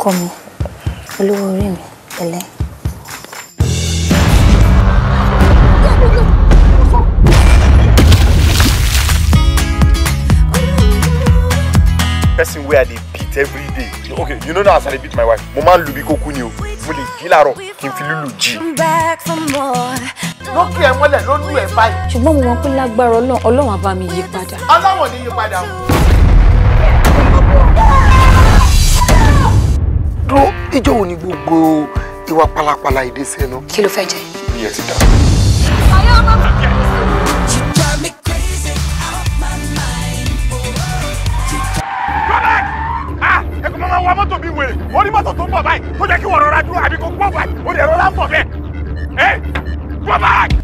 ọkọ mi olówó orí mi pẹ̀lẹ́. person wey i dey beat every day okay you know now as i dey beat my wife mo máa ń lu bí kókó ni o mo lè jí làárọ̀ ki n fi lùlù jí. lókè ẹ mọ́lẹ̀ ló lù ẹ báyìí. ṣùgbọ́n mo mọ̀ pé lágbára ọlọ́run á bá mi yí padà. ọlọ́run ò ní yí padà dúró ìjọ òní gbogbo ìwà pálapàla ìdí sẹ́nu. kí ló fẹ́ jẹ. bí ah! ẹ ti dá. ayé mọ́tò mi wèrè wọ́n ní mọ́tò tó ń bọ̀ báyìí tó jẹ́ kí wọ́n rọra dúró àbí kó gbọ́ báyìí ó lè rọra ń bọ̀ bẹ́ẹ̀ ẹ́ gbọ́ báyìí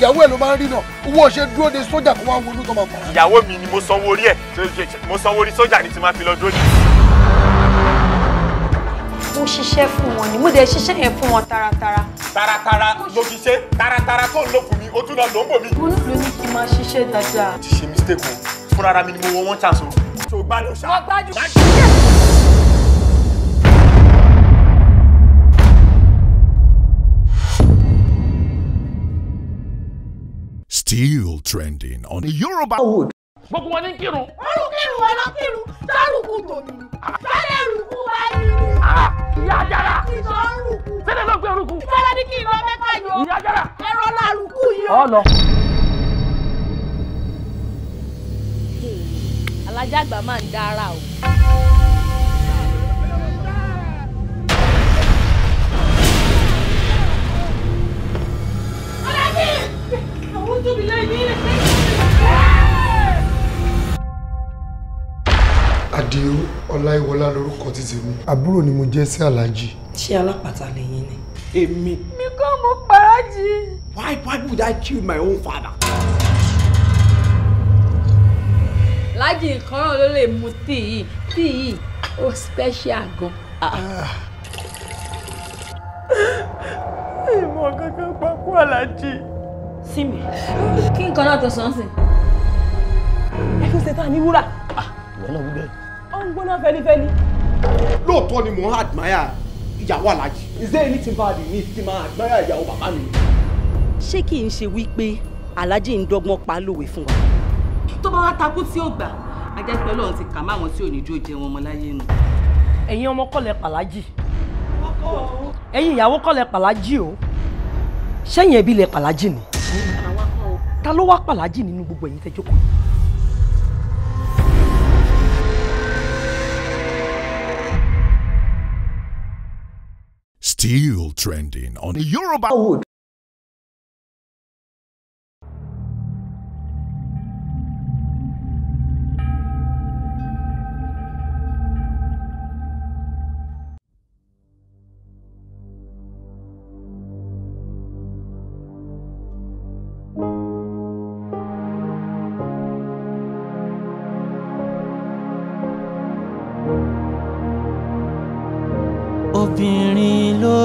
ìyàwó ẹ ló máa ń rí náà owó ṣe dúró de sójà kó wá wọnú tó máa pa. ìyàwó mi ni mo sanwó orí ẹ mo sanwó orí sójà ni tí máa fi lọ dúró ní mo ṣiṣẹ́ fún wọn ni mo dẹ̀ ṣiṣẹ́ yẹn fún wọn taratara. taratara ló fi ṣe taratara tó ń lò fún mi ó tún lọ lò ń bò mí. mo ní ló ní kí n máa ṣiṣẹ́ dáadáa. ti ṣe mistake o fúnra ara mi ni mo wọ wọn ṣàṣọ. tó o gbádùn ṣá. wọ́n gbádùn Still trending on Yoruba gbogbo wọn ní kírun. olùkírun ọlọkírun sárùkù tòmìnì sálẹ̀ rùkù wá nínú. Ah, ìyá àjàrà sẹ́lẹ̀ ló gbé rùkù. sẹ́lẹ̀ ní kí n lọ mẹ́ta yọ. ìyá àjàrà ẹ̀rọ la rùkù yọ. ọ lọ. alájà àgbà máa ń dára o. Alájà! Àwọn tóbi láì ní Àdìó Ọláìwọlá lorúkọ títí mi. Àbúrò ni mo jẹ́ sí Àlájì. Ṣé alápàtà lẹ́yìn ni? Èmi. Mi kọ́ mo Paraji. Why why would I kill my own father? Lájì nǹkan náà ló lè mu tíì yìí. Tíì yìí ó special gan. Ah. Ìmọ̀ kankan papọ̀ Àlájì. Simi, kí nǹkan náà tó sọ́nsìn? Ẹ fi ṣe tán ní wúrà. Ah, ìwọ náà wú bẹ́ẹ̀ ń gbóná fẹlifẹli. lóòótọ́ ni mò ń admire ìyàwó aláàjì. is there anything bad in me tí máa admire ìyàwó bàbá mi. ṣé kì í ṣe wípé aláàjì ń dọ́gbọ́n pa lówe fún wa. tó bá wá takú tí ó gbà ajá pé ọlọ́run ti kà máwọn tí ò ní dúró jẹ wọn mọ́ láyé nù. ẹ̀yin ọmọ kọ́lẹ̀ pàlájì ẹ̀yin ìyàwó kọ́lẹ̀ pàlájì o ṣẹ́yìn ẹbí lẹ pàlájì ni ta ló wá pàlájì nínú gbogbo ẹ̀yin tẹ́jọ́ kò yìí. still trending on Yoruba Wood.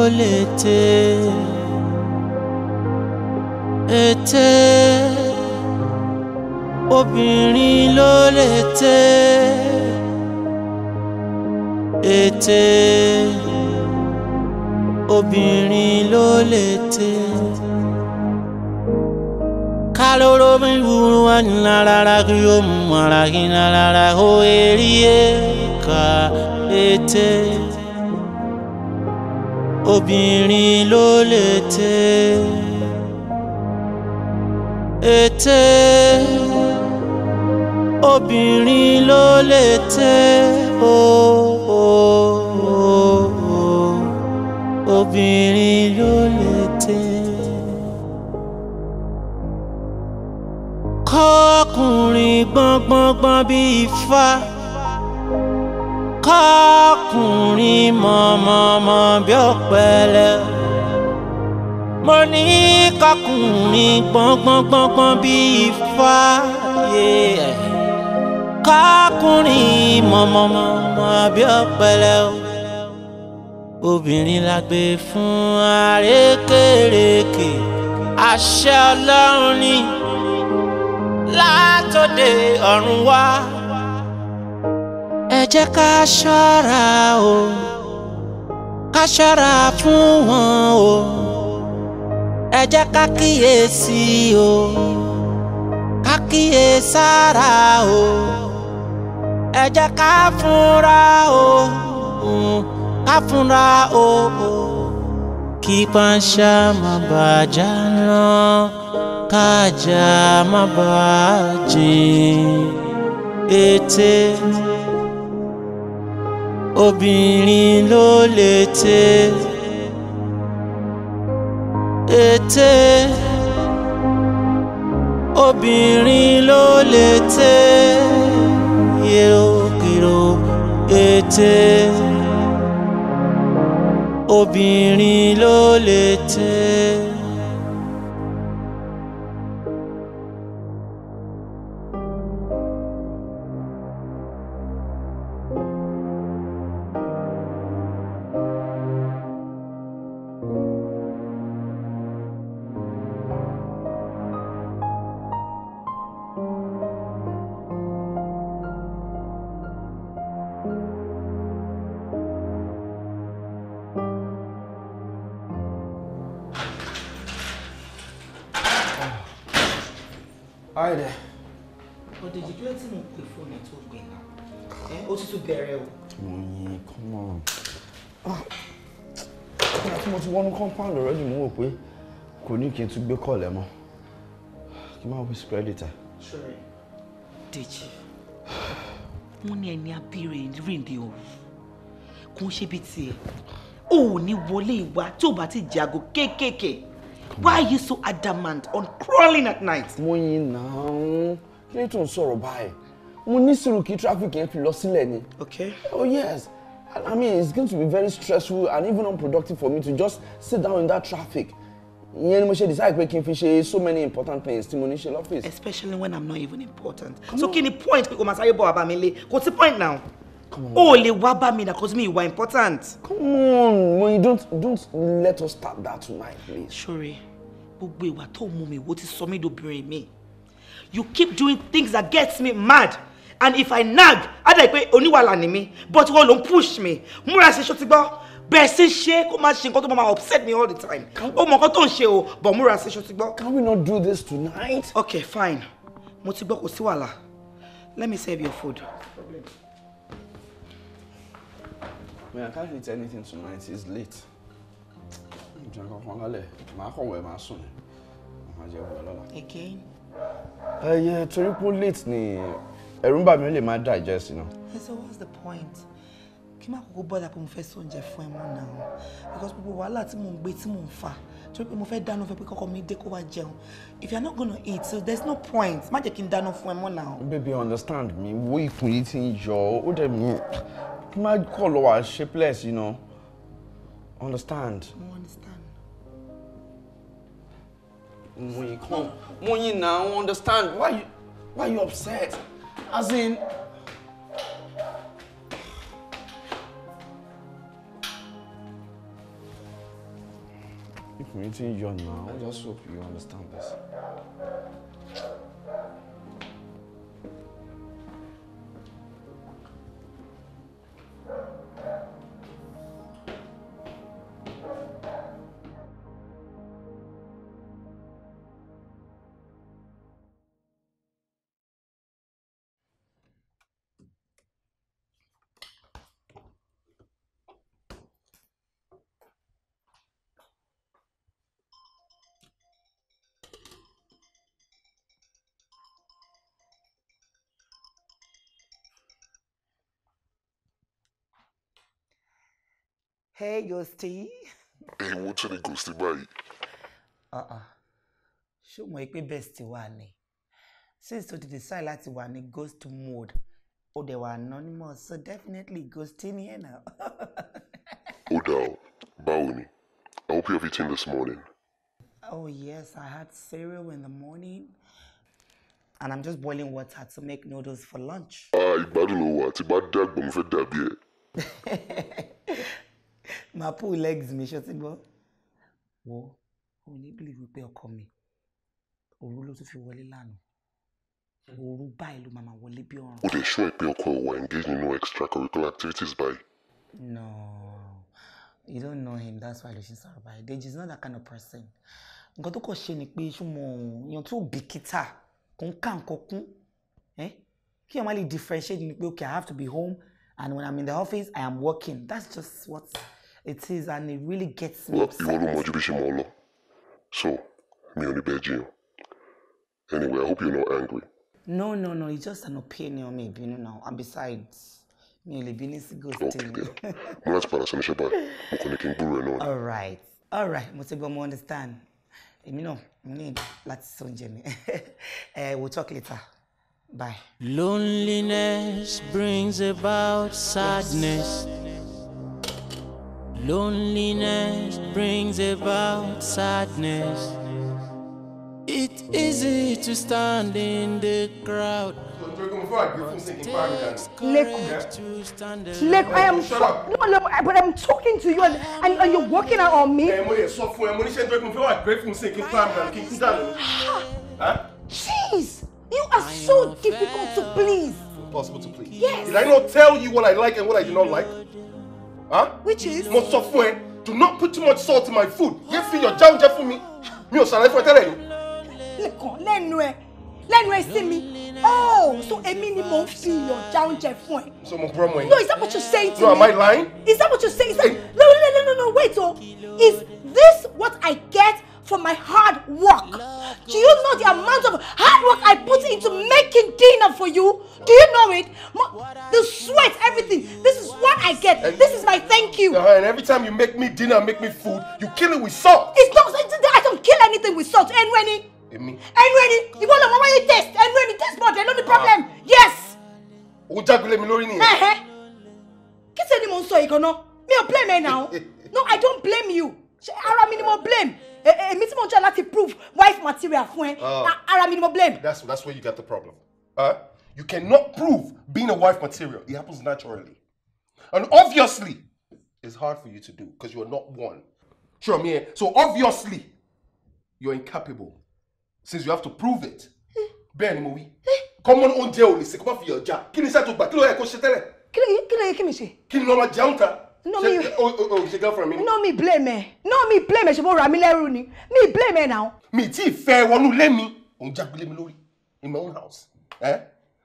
lété ètè obìnrin ló lété ètè obìnrin ló lété kaloro mi wuru wa narara ki o mara ki narara o eri eka ètè obìnrin ló lè tẹ ètè obìnrin ló lè tẹ o o o o obìnrin ló lè tẹ. kọ́kùnrin gbọ́ngbọ́ngbọ́n bíi ifá kọkùnrin mọ̀mọ̀mọ̀ bí ọ̀pẹ̀lẹ̀ mo ní kọkùnrin gbọ̀ngbọ̀ngbọ̀ngbọ̀n bí ifá kọkùnrin mọ̀mọ̀mọ̀ bí ọ̀pẹ̀lẹ̀ obìnrin la gbé fún arékèrèkè àṣẹ ọlọ́run ni látòdè ọ̀run wá ẹ jẹ́ ká ṣọ́ra o ká ṣọ́ra fún wọn o ẹ jẹ́ ká kíyèsí o ká kíyèsára o ẹ ká fúnra o ká fúnra o kí panṣá má bàjá náà kájà má bàjẹ́ ètè obìnrin ló lè tẹ ètè obìnrin ló lè tẹ yèròkèrò ètè obìnrin ló lè tẹ. compound already mo wò pé kò ní kí n tún gbé kọ́ọ̀lẹ́ mọ́ kí n má waste credit ẹ̀. sure Deji wọ́n ní ẹni abíire rìnde òru kò ń ṣe bí tiẹ̀ o ò ní wọlé ìwà tí ò bá ti jago kéékèèké why are you so adamant on crawling at night. mo yin náà kí ni tó ń sọ̀rọ̀ báyìí mo ní sùúrù kí traffic yẹn fi lọ sílẹ̀ ni. okay. oh yes I mean, it's going to be very stressful and even unproductive for me to just sit down in that traffic. ìyẹn ni mo ṣe decide pé kí n fi ṣe so many important things tí mo ní especially when i'm not even important. Come so can you point pé kò máa sáré bọ̀ wá bá point now. Come on. Oh, bá mi náà cause me ìwà important. come on moyin don't don't let us start that tonight please. but gbogbo ìwà told, mú what is so me mí dobìnrin me? you keep doing things that gets me mad and if i nag I dà pé oníwàhálà ni mi but wọn ló ń push mi múra sí ṣó ti gbọ́ bẹ́ẹ̀ sì ṣe kó má ṣe nǹkan tó máa upset me all the time ó mọ nǹkan tó ń ṣe o but múra sí ṣó ti can we not do this tonight. okay fine mo ti gbọ́ kò sí wàhálà let me serve your food. Man, I can't eat anything tonight. It's late. Again? Uh, yeah, torí pé late ni ẹ̀rù ń bà mí ó lè má digest náà. ẹ sọ what's the point kí má kókó bọ́dà pé mo fẹ́ sọ oúnjẹ fún ẹ mọ́ náà because gbogbo wàhálà tí mò ń gbé tí mò ń fà torí pé mo fẹ́ dáná fẹ́ pé kọ́kọ́ mi dé kó wá jẹun if you are not gonna eat so there is no point má jẹ́ kí n dáná fún ẹ mọ́ náà. baby understand me wo ikùn yìí ti ń yọ ó dẹ̀ mi kí má kọ̀ lọ wá shapeless you know understand. mo understand. mo yìí kàn mo yìí náà understand why you why you upset. As in, if we're eating you now, I just hope you understand this. Hey, Ghosty. Èwo tún ni Ghosty báyìí? Ṣé o mọ̀ pé best wà ni? Since tó ti decide láti wà ní ghost mode, ó dẹ̀ wà anonymous so definitely Ghosty ni ẹ̀ náà. Ó dà o, báwo ni? I hope you have eaten this morning. Oh yes, I had cereal in the morning. And I'm just boiling water to make noodles for lunch. Ah, ìgbádùn ló wà tí bá dàgbà mo fẹ́ dàbí ẹ̀. máa pull legs mi ṣọtí gbọ́ wọ́ òun ní believe wípé ọkọ mi òru ló tún fi wọlé lánàá hmm. òru báyìí ló máa wọlé bí ọ̀ràn. o lè ṣó ẹ pé ọkọ ìwà engage nínú extracurricular activities báyìí. no you don't know him that's why lóṣù sọ̀rọ̀ báyìí He is not that kind of person nǹkan tó kọ̀ ṣe ni pé ṣùgbọ́n èèyàn tó bìkítà kò ń ká nǹkan kún kí èèyàn má lè differentiate ni pé okay I have to be home and when I'm in the office I am working that's just what it is and it really gets me upset. you want to ojú bí ṣe so me ò ní bẹ́ẹ̀ jiyàn anyway i hope you're not angry. no no no it's just an opinion mi you know. and besides mi ò lè bí good sí Okay, tèmi. mo láti padà sọ níṣẹ́ báyìí mo kàn ní kí all right all right mo ti gbọ́ understand You know, mo ní láti sọ oúnjẹ eh, we'll talk later. Bye. Loneliness brings about sadness. Loneliness brings about sadness. It's easy to stand in the crowd. Leku, I am so, no, no, but I'm talking to you and, and, and you're working out on me. Jeez, you are so difficult to please. Impossible to please. Yes. Did I not tell you what I like and what I do not like? which is. mo sọ fún ẹ do not put too much salt in my food yé fi your já oúnjẹ fún mi mi ò ṣàlàyé fún ẹ tẹ́lẹ̀ yìí. lẹ́kàn lẹ́nu ẹ lẹ́nu ẹ sí mi oh so èmi ni mo ń fi iyọ̀ já oúnjẹ fún ẹ. so mo gbọ́ ọmọ yẹn. no is that what you say to no, me. no am I lying. is that what you say. is that hey. no no no no wait o oh. is this what I get for my hard work. Do you know the amount of hard work I put into making dinner for you? Do you know it? The sweat, everything. This is what I get. And this is my thank you. Uh, and every time you make me dinner, make me food, you kill it with salt. It's not. It's, I don't kill anything with salt. And when it. And when You want to mama you taste. And when it taste bad, there's no problem. Ah. Yes. O jágbe mi lórí nìyẹn. Kí sẹ́ni mo ń sọ yìí gan-an? Mi blame me now. No, I don't blame you ṣe ara mi ni mo blame e, e, èmi tí mo ń jẹ́ láti prove wife material fún ẹ oh. ara mi ni mo blame. that's that's where you get the problem uh, you cannot prove being a wife material it happens naturally and obviously it's hard for you to do because you are not one sure me so obviously you are incapable since you have to prove it bẹ́ẹ̀ ni mo wí common oúnjẹ ò lè ṣe kó má fi ọjà kí ni iṣẹ́ tó gbà kí ló yẹ kó ṣe tẹ́lẹ̀. kí ni kí ni kí ni ṣe. kí ni lọ́ọ́ jẹun ta no me Oh oh! o ṣe girlfriend me. no me blame ẹ no me blame ẹ She mo ra mi me blame ẹ now. mi tí ì fẹ́ let me on Jack blame me lori in my own house eh?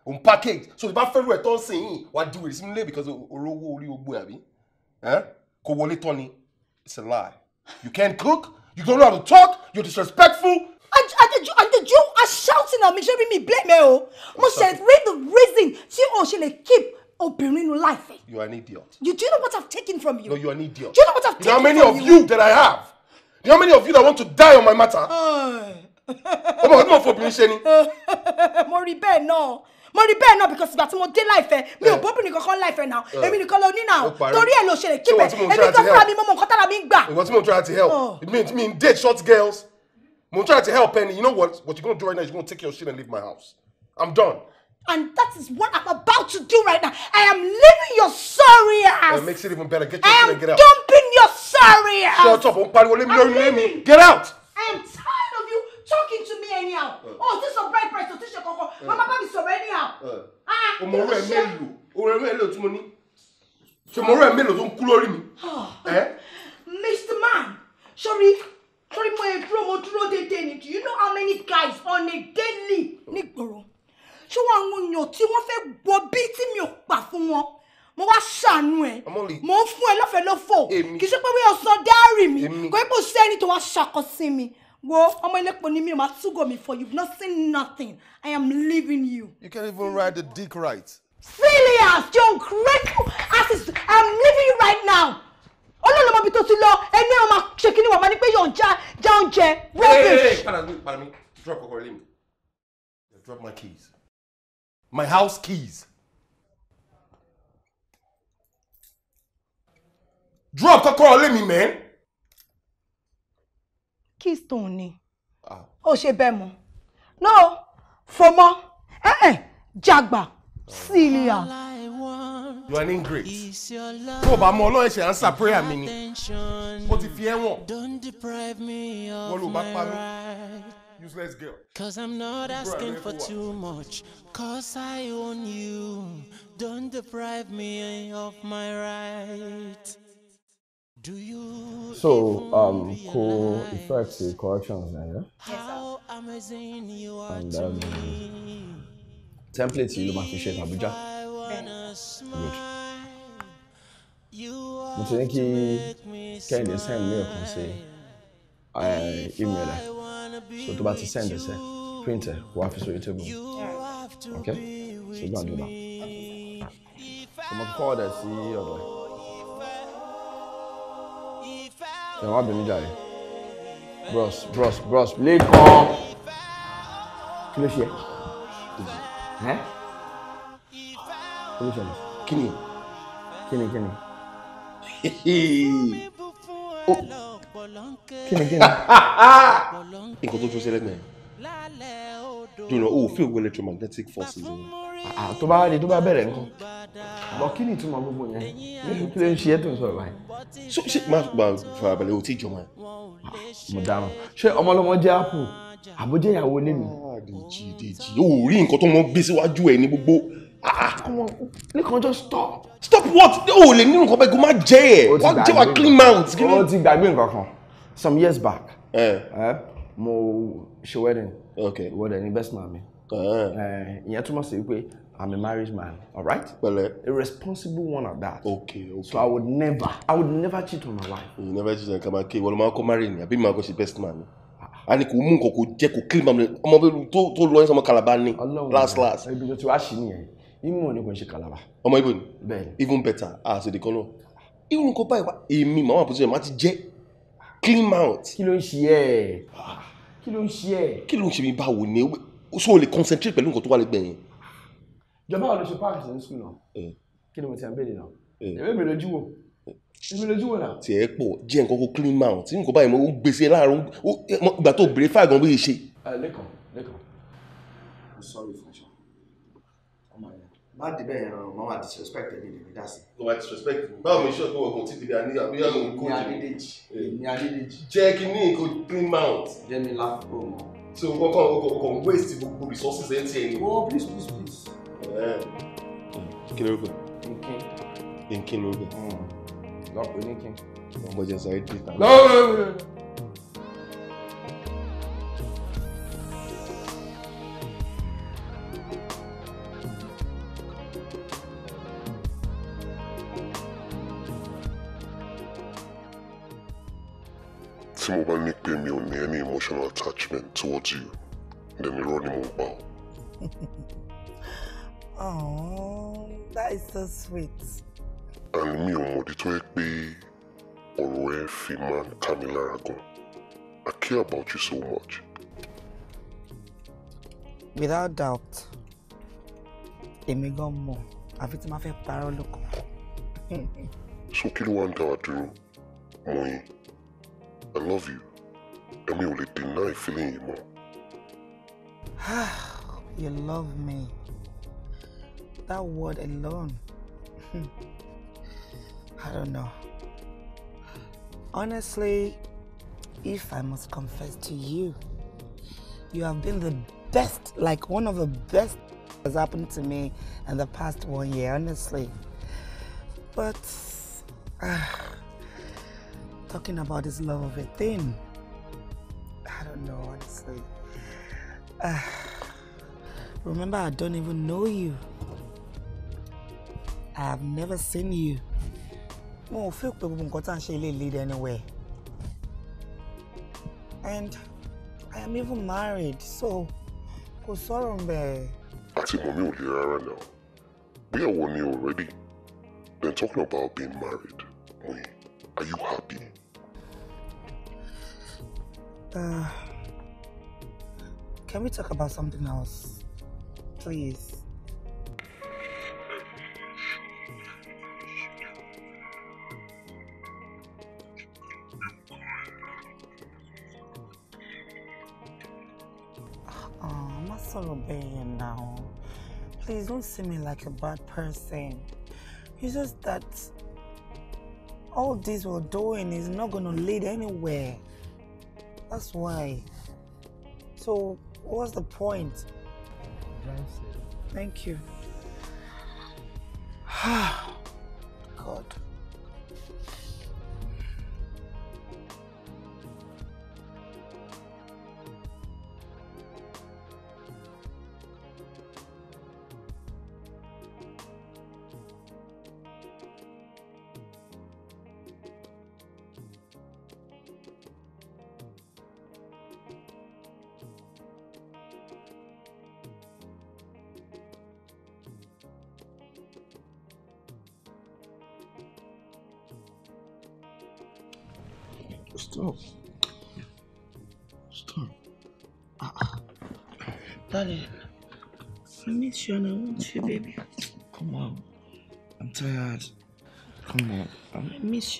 On package so tí bá fẹ́rù ẹ̀ tọ́ sí yìí wàá di wèrè sínú because orówó orí ogbó àbí Eh? wọlé tán ni it's a lie you can't cook you don't know how to talk you're disrespectful. And and àjẹjù àjẹjù are shouting at me ṣé me blame ẹ Oh? Must read the reason See o ṣe lè keep obìnrin nu life. You are an idiot. You do you know what I've taken from you? No, you are an idiot. Do you know what I've taken from you? Know how many of you? that I have? Do you how many of you that want to die on my matter? Oh. Ọmọ ọdún ọ̀fọ̀ obìnrin ṣe ni. Mo rí bẹ́ẹ̀ náà mo rí bẹ́ẹ̀ náà because ìgbà tí mo dé láìfẹ́ mi ò eh. bóbìnrin kankan láìfẹ́ náà eh. èmi nìkan ló ní náà torí ẹ̀ ló ṣe lè kíbẹ̀ èmi tó fúnra mi mo mọ nǹkan tára mi ń gbà. ìwọ tí mo try to help it oh. mean it mean date short girls mo try to help ẹni you know what what you gonna do right now is you gonna take your shit and leave my house i'm done And that is what I'm about to do right now. I am leaving your sorry ass. Well, it makes it even better. Get your I am and get out. dumping your sorry ass. Shut up. Don't I'm me. Get out. I am tired of you talking to me anyhow. Uh. Oh, this is a bright price. This is a cocoa. Mama, baby, so anyhow. Uh. Ah, ọmọ rẹ mélòó. Ọmọ rẹ mélòó tí mo ní. Ṣé Tomorrow rẹ mélòó tó ń kú lórí ah. Mr. Man, sorry. Sorry, my dúró mo dúró déédéé ni. Do you know how many guys on a daily nígboro oh ṣọ́wọ́ àwọn èèyàn tí wọ́n fẹ́ gbọ́ bí tí mi ò pa fún wọn mo wá ṣàánú ẹ mo ń fún ẹ lọ́fẹ̀ẹ́ lọ́fọ̀ kì í ṣe pé wíyọ san dáárì mi kò ipò sẹ́ni tó wá ṣàkọsí mi wo ọmọ elépo ni mi ò máa túgò mi for you have not seen nothing i am leaving you. you can't even ride the dick right. Phileas john grateful as is i am leaving you right now olólùmọ̀ bí tó ti lọ ẹni àwọn ṣe kí ni wọ́n máa ní pé yóò já oúnjẹ rubbish. padà mi padà mi drop kọkọrẹ lé mi drop my keys my house keys. drop kọ́kọ́rọ́ lé mi mẹ́. keystone ni ó ah. ṣe bẹ́ẹ̀ mọ́ no fọmọ ẹ ẹ jagba sílíà. you are in ingrate. tó o bá mọ ọlọ́run ṣe answer prayer mi ni ó ti fi ẹ̀wọ̀n wọ́n ló bá pa mí useless girl. Cause I'm not asking for too much, cause I own you. Don't deprive me of my right. Do you so um co effects the corrections now, yeah? How amazing you are and, um, to me. Templates you don't appreciate Abuja. Good. mo ti ní kí kẹ́hìndé send me ọ̀kan I eh, email so tó bá ti send ẹsẹ print ẹ wàá fi sórí table ok so gbàdúrà ọmọ kọ́ ọ̀dà sí ọ̀dọ̀ ẹ̀ ẹ̀wọ̀n abẹ̀mí jàre bros bros bros lẹ́kọ̀ọ́ kí ló ṣe ẹ́ kí ló ṣẹlẹ̀ kí ni kí ni kí ni. Oh kí ni kí ni nǹkan tó tún ṣẹlẹ̀ mẹ́rin dùnà o fi ògùn electromagnetic forces ni. Ah, tó bá di tó bá bẹ̀rẹ̀ nǹkan bọ̀ kí ni ìtumọ̀ gbogbo yẹn níbi kí ló ń ṣe é tó ń sọ̀rọ̀ báyìí. ṣé ṣé má gba farabalẹ̀ o tí jọmọ ẹ. Ah, mo dáràn ṣé ọmọlọmọ jẹ́ apple àbójẹ́ ìyàwó lé mi. Ah, dèjì dèjì o rí nǹkan tó mọ gbé síwájú ẹ ní gbogbo ah come on lẹ́kàn just stop stop what o ò lè nínú nǹkan bẹ́ẹ̀ kó má jẹ́ ẹ̀ wọ́n wa clean mouth. o ti gbàgbé nǹkan kan some years back eh? eh mo she wedding Okay. dẹ̀ ni best man me. Eh. eh? ìyẹn túmọ̀ sí pé I'm a married man, all right? Well, uh, a responsible one at that. Okay, okay. So I would never, I would never cheat on my wife. You never cheat on Kamake. Wọ́n máa kọ́ marry ni, àbí màá kọ́ ṣe best man. A ní kò mú nǹkan kò jẹ́ kò clean mamle. Ọmọ bẹ́ẹ̀ tó lọ́yìn sọmọ kalaba ni. Last last. Ibi tó ti wá ṣì nìyẹn. Imo ni kò ń ṣe Calabar. ọmọ ibo even better àṣẹ ìdíkan náà irú nǹkan báyìí wá èmi màmá àpòtí rẹ̀ má ti jẹ́ clean mouth. kí ló ń ṣe ẹ́ kí ló ń ṣe ẹ́. kí ló ń ṣe mi báwo ni so o concentrate pẹ̀lú nǹkan tó wà lẹ́gbẹ̀ẹ́ yẹn. ìjọba àwọn olùṣe park ṣe ń sùn náà eh. kí ni mo ti ń bèèrè náà èmi eh. mi lójú wò èmi pọ̀ jẹ́ nǹkan kó clean mouth tí nǹkan báyìí mo ń gbèsè láàárọ̀ ìgbà tó bèrè fáàgàn bí yìí ṣe. lẹ́kọ̀ọ́ eh, lẹ́kọ̀ọ́ má débẹ̀ yẹn rọrùn mọ́ wà disrespect ẹ̀mí lèmi dá sí. wà disrespect báwo mi ṣe ọ̀pọ̀ ọkùnrin títí bí a ní àbúyá ló ń kó jẹ. ní adédèjì ní eh. adédèjì. jẹ́ kí ní nǹkan clean mouth. jẹ́ mi láfúrò mọ́. so o kàn o kàn o kàn waste gbogbo resources ẹ̀ tiẹ̀ ni. oh please please please. Eh. kí ló rúkọ. nkin. nkin ló rúkọ. lọ pé nkin. ọmọ jẹ sáré twitter. lọ́wọ́ towards you then irọ́ ni mo ń Oh, that is so sweet. and me, on mọ̀dí tó yẹ pé ọ̀rọ̀ ẹ fi máa ń I care about you so much. without doubt èmi may go more. I've been my parọ́ parallel. so kill one tower ń dá I love you. and ò lè deny feeling mọ́. you love me that word alone hmm. I don't know honestly if I must confess to you you have been the best like one of the best has happened to me in the past one year, honestly. But uh, talking about this love of a thing, no, honestly. Uh, remember, I don't even know you. I have never seen you. Mo ò feel pé gbogbo nǹkan tá à ń ṣe lead anywhere. And I am even married, so kò sọ̀rọ̀ ń bẹ̀. Àti mọ̀ mi ò lè rárá náà. Gbéyàwó ni already. Then talking about being married, Moyin, are you happy? Uh, Can we talk about something else? Please. Oh, I'm so obeying now. Please don't see me like a bad person. It's just that all this we're doing is not going to lead anywhere. That's why. So what was the point? Thank you. God.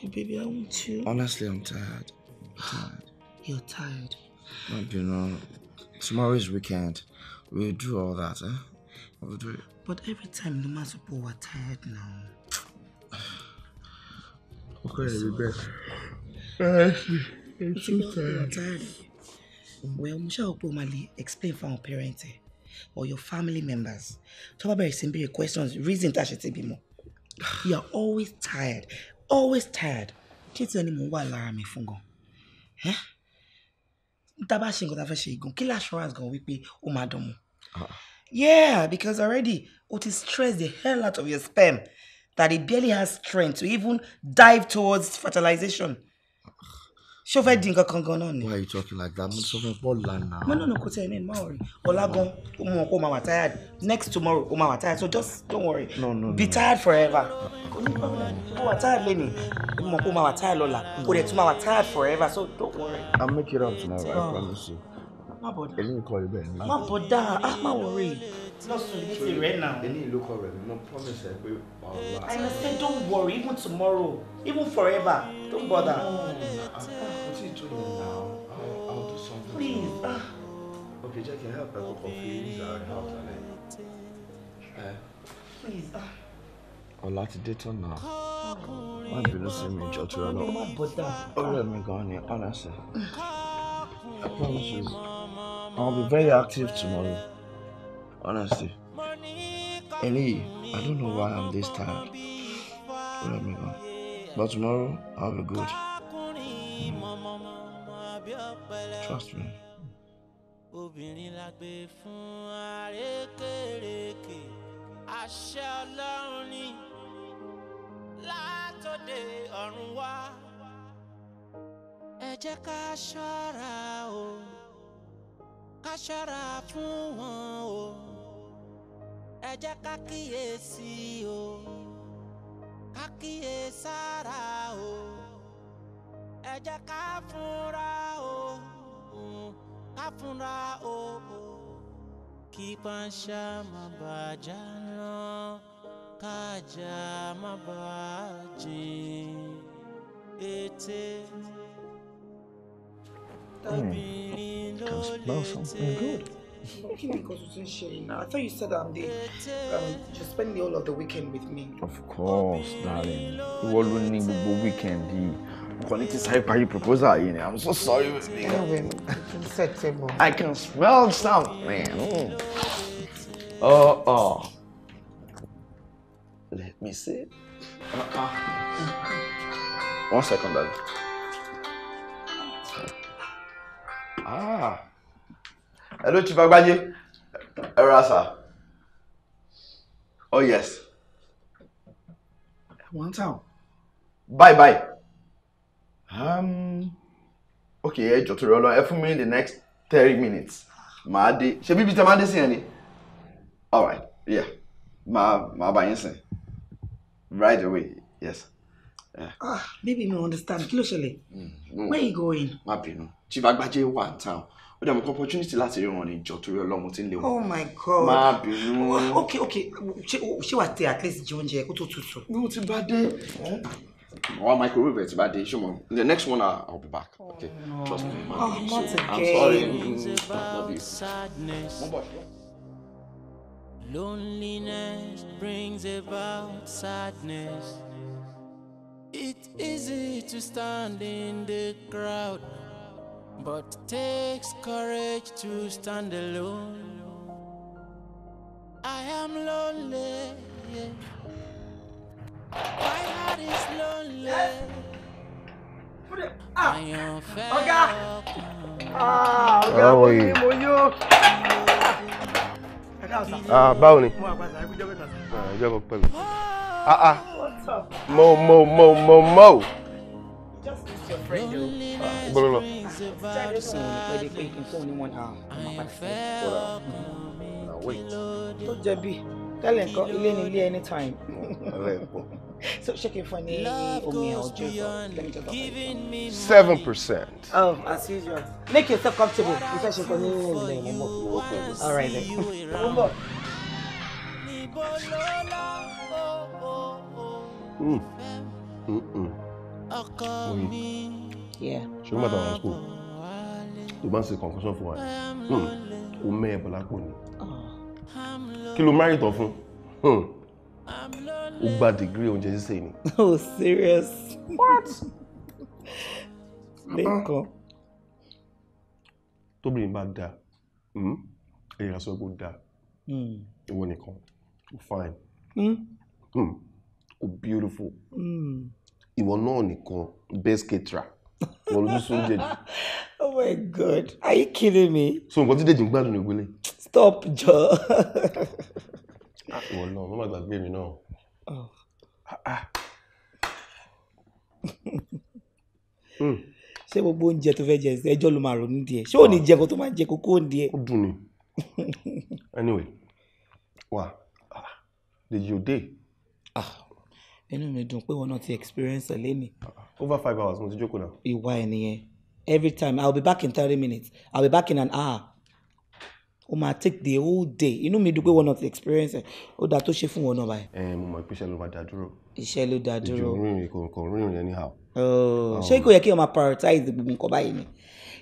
you, baby. I want you. Honestly, I'm tired. I'm tired. You're tired. you know, tomorrow is weekend. We'll do all that, eh? We'll do it. But every time the man's people are tired now. okay, so, Rebecca. I'm you tired. tired. Well, mo ṣe ọ̀pọ̀ máa lè explain parents eh, or your family members. Talk about bẹ̀rẹ̀ questions, reason tá a ṣe more. You are always tired always tired kí tí ẹni mò ń wà lára mi fún gan tá a bá ṣe nǹkan tá a fẹ́ ṣe gan kí l'assurance gan wípé ó máa dán mu. Ah. yeah because already o ti stress the hell out of your sperm that it barely has strength to even dive towards fertilization ṣó fẹ́ di nǹkan kan gan náà ni. why are you talking like that mo sọ fún paul lana. mo nínú kò tẹ̀ mí mọ́ ọ̀rẹ́ ọ̀la gan ó mọ̀ kó máa wà tired next tomorrow ó máa wà tired so just don't worry no, no, be no. tired forever. ó wà tired lónìí ó mọ̀ kó o máa wà tired lọ́la ó mm. dẹ̀ tún máa wà tired forever so don't worry. i'll make it up tomorrow i oh. promise you. má bọ̀dá má bọ̀dá ah, má worry lọ́sùn ní ti rẹ̀ náà. ẹni ìlú kan rẹ̀ mo promise ẹ don't worry even tomorrow even forever don't bother. mo ti tún yẹn na I will do something. please. Ah. okay jẹ́ kí help ẹ kó kàn fi ìlú rẹ̀ help ẹ. please. I'll ah. ti you now. náà má bínú sí mi ìjọ tó yọ lọ. ọ̀rẹ́ mi gan ni honestly I promise you I'll be very active tomorrow. Honestly. Any, I don't know why I'm this tired. Where am I But tomorrow, I'll be good. Mm. Trust me. obìnrin la gbé fún àrékèrèké àṣẹ ọlọ́run ni látòdè ọ̀run wá ẹ jẹ́ ká ṣọ́ra o ká ṣọ́ra fún wọn o ẹ jẹ́ ká kíyèsí o ká o ẹ jẹ́ ká fúnra o ká fúnra o kí panṣá má bàjá náà kájà má bàjẹ́ ètè hmm. obìnrin ló lè tẹ́. Okay, because it's mean consultation? I thought you said I'm the, um, you're spending all of the weekend with me. Of course, darling. You all don't need the weekend. The quality side party proposal, you know. I'm so sorry. Anyway, it's acceptable. I can smell something. Mm. Oh, oh. Let me see. Uh-uh. One second, darling. Ah hello chief agbájé ẹ rọra oh yes. One town. bye bye. Um, Okay, ẹ jọ tó rẹ ọlọ ẹ the next thirty minutes Maadi, dé ṣe bíbí tẹ máa dé All right. yeah Ma, ma bá yín right away yes. Yeah. ah baby mi understand kí ló ṣẹlẹ̀ mm, where you going. má bínú chief agbájé wà ń ó dàbí kó opportunity láti rí ní ìjọ torí ọlọ́run mo ń lé wọn. oh my god má bínú. ok ok ṣé wàá tẹ at least jẹ oúnjẹ kó tó tutù. mo ti bá dé. Our microwave ti bá dé ṣùgbọ́n the next one I'll, I'll be back okay trust me man oh, so I'm sorry love you. Loneliness brings about sadness. It's easy to stand in the crowd But takes courage to stand alone. I am lonely. Yeah. My heart is lonely. I am fed Ọ̀gá. Ah, Okay. mo ní mo yó. Ah, báwo ni? Mo àgbàdo àìkújọ́ mẹ́ta sí. Ah, Ìjọba pẹ̀lú. Ah ah. Mo mo mo mo mo. Just ah, Gbọ́dọ̀ lọ jáde sùn pé de pé kí n one hour ọmọ padà sí ọ̀rọ̀ àwẹ̀ tó jẹ bí tẹ́lẹ̀ nǹkan ilé anytime. so ṣé kí n fún ẹ ní omi ọjọ́ ìtọ́ seven percent. oh as usual make yourself comfortable iṣẹ́ ṣe kọ́ ní ilé all right then. Oh, oh, oh. Mm. Mm-mm. Mm. Yeah. ṣé nígbà táwọn school tó bá ń ṣe concussion fún wa hmm. o mẹ́ ẹ̀bọ̀ lápò ni oh. kí ló márì tán fún hmm. o gba degree oúnjẹ ṣíṣe ni. oh serious. what. lẹ́kọ̀ọ́. Ah. tóbi bá da hmm, ẹ̀yà sọ pé ó da ìwọ nìkan ó fine ó beautiful ìwọ náà nìkan best caterer. Bọ̀lú sún Dèjì. Oh my God, are you kidding me? So nǹkan tí Dèjì ń gbádùn ní ìgbélé. Stop jọ. Wọ́n náà, wọ́n má gbàgbé mi náà. Oh. Ah, ah. Hmm. Ṣé gbogbo oúnjẹ tó fẹ́ jẹ ẹjọ́ ló máa ronú díẹ̀? Ṣé ò ní jẹ kó tó máa jẹ kókó òǹdí ẹ̀? Ó dùn ni. Anyway, wà, ah, Dèjì ò dé. Ah inú mi dùn pé wọn náà ti experience ẹ lẹ́nìí. Ah, over five hours mo ti jókòó náà. ìwà ẹ nìyẹn every time i will be back in thirty minutes i will be back in an hour o máa take the whole day inú mi dùn pé wọn náà ti experience ẹ ó dáa tó ṣe fún wọn náà báyìí. ẹ mo mọ ìpèsè ló máa dá dúró. iṣẹ́ ló dá dúró. ìjò rìnrìn kò kò rìnrìn anyhow. Oh, ah. ṣé kò yẹ kí wọn máa prioritize gbogbo nǹkan báyìí ni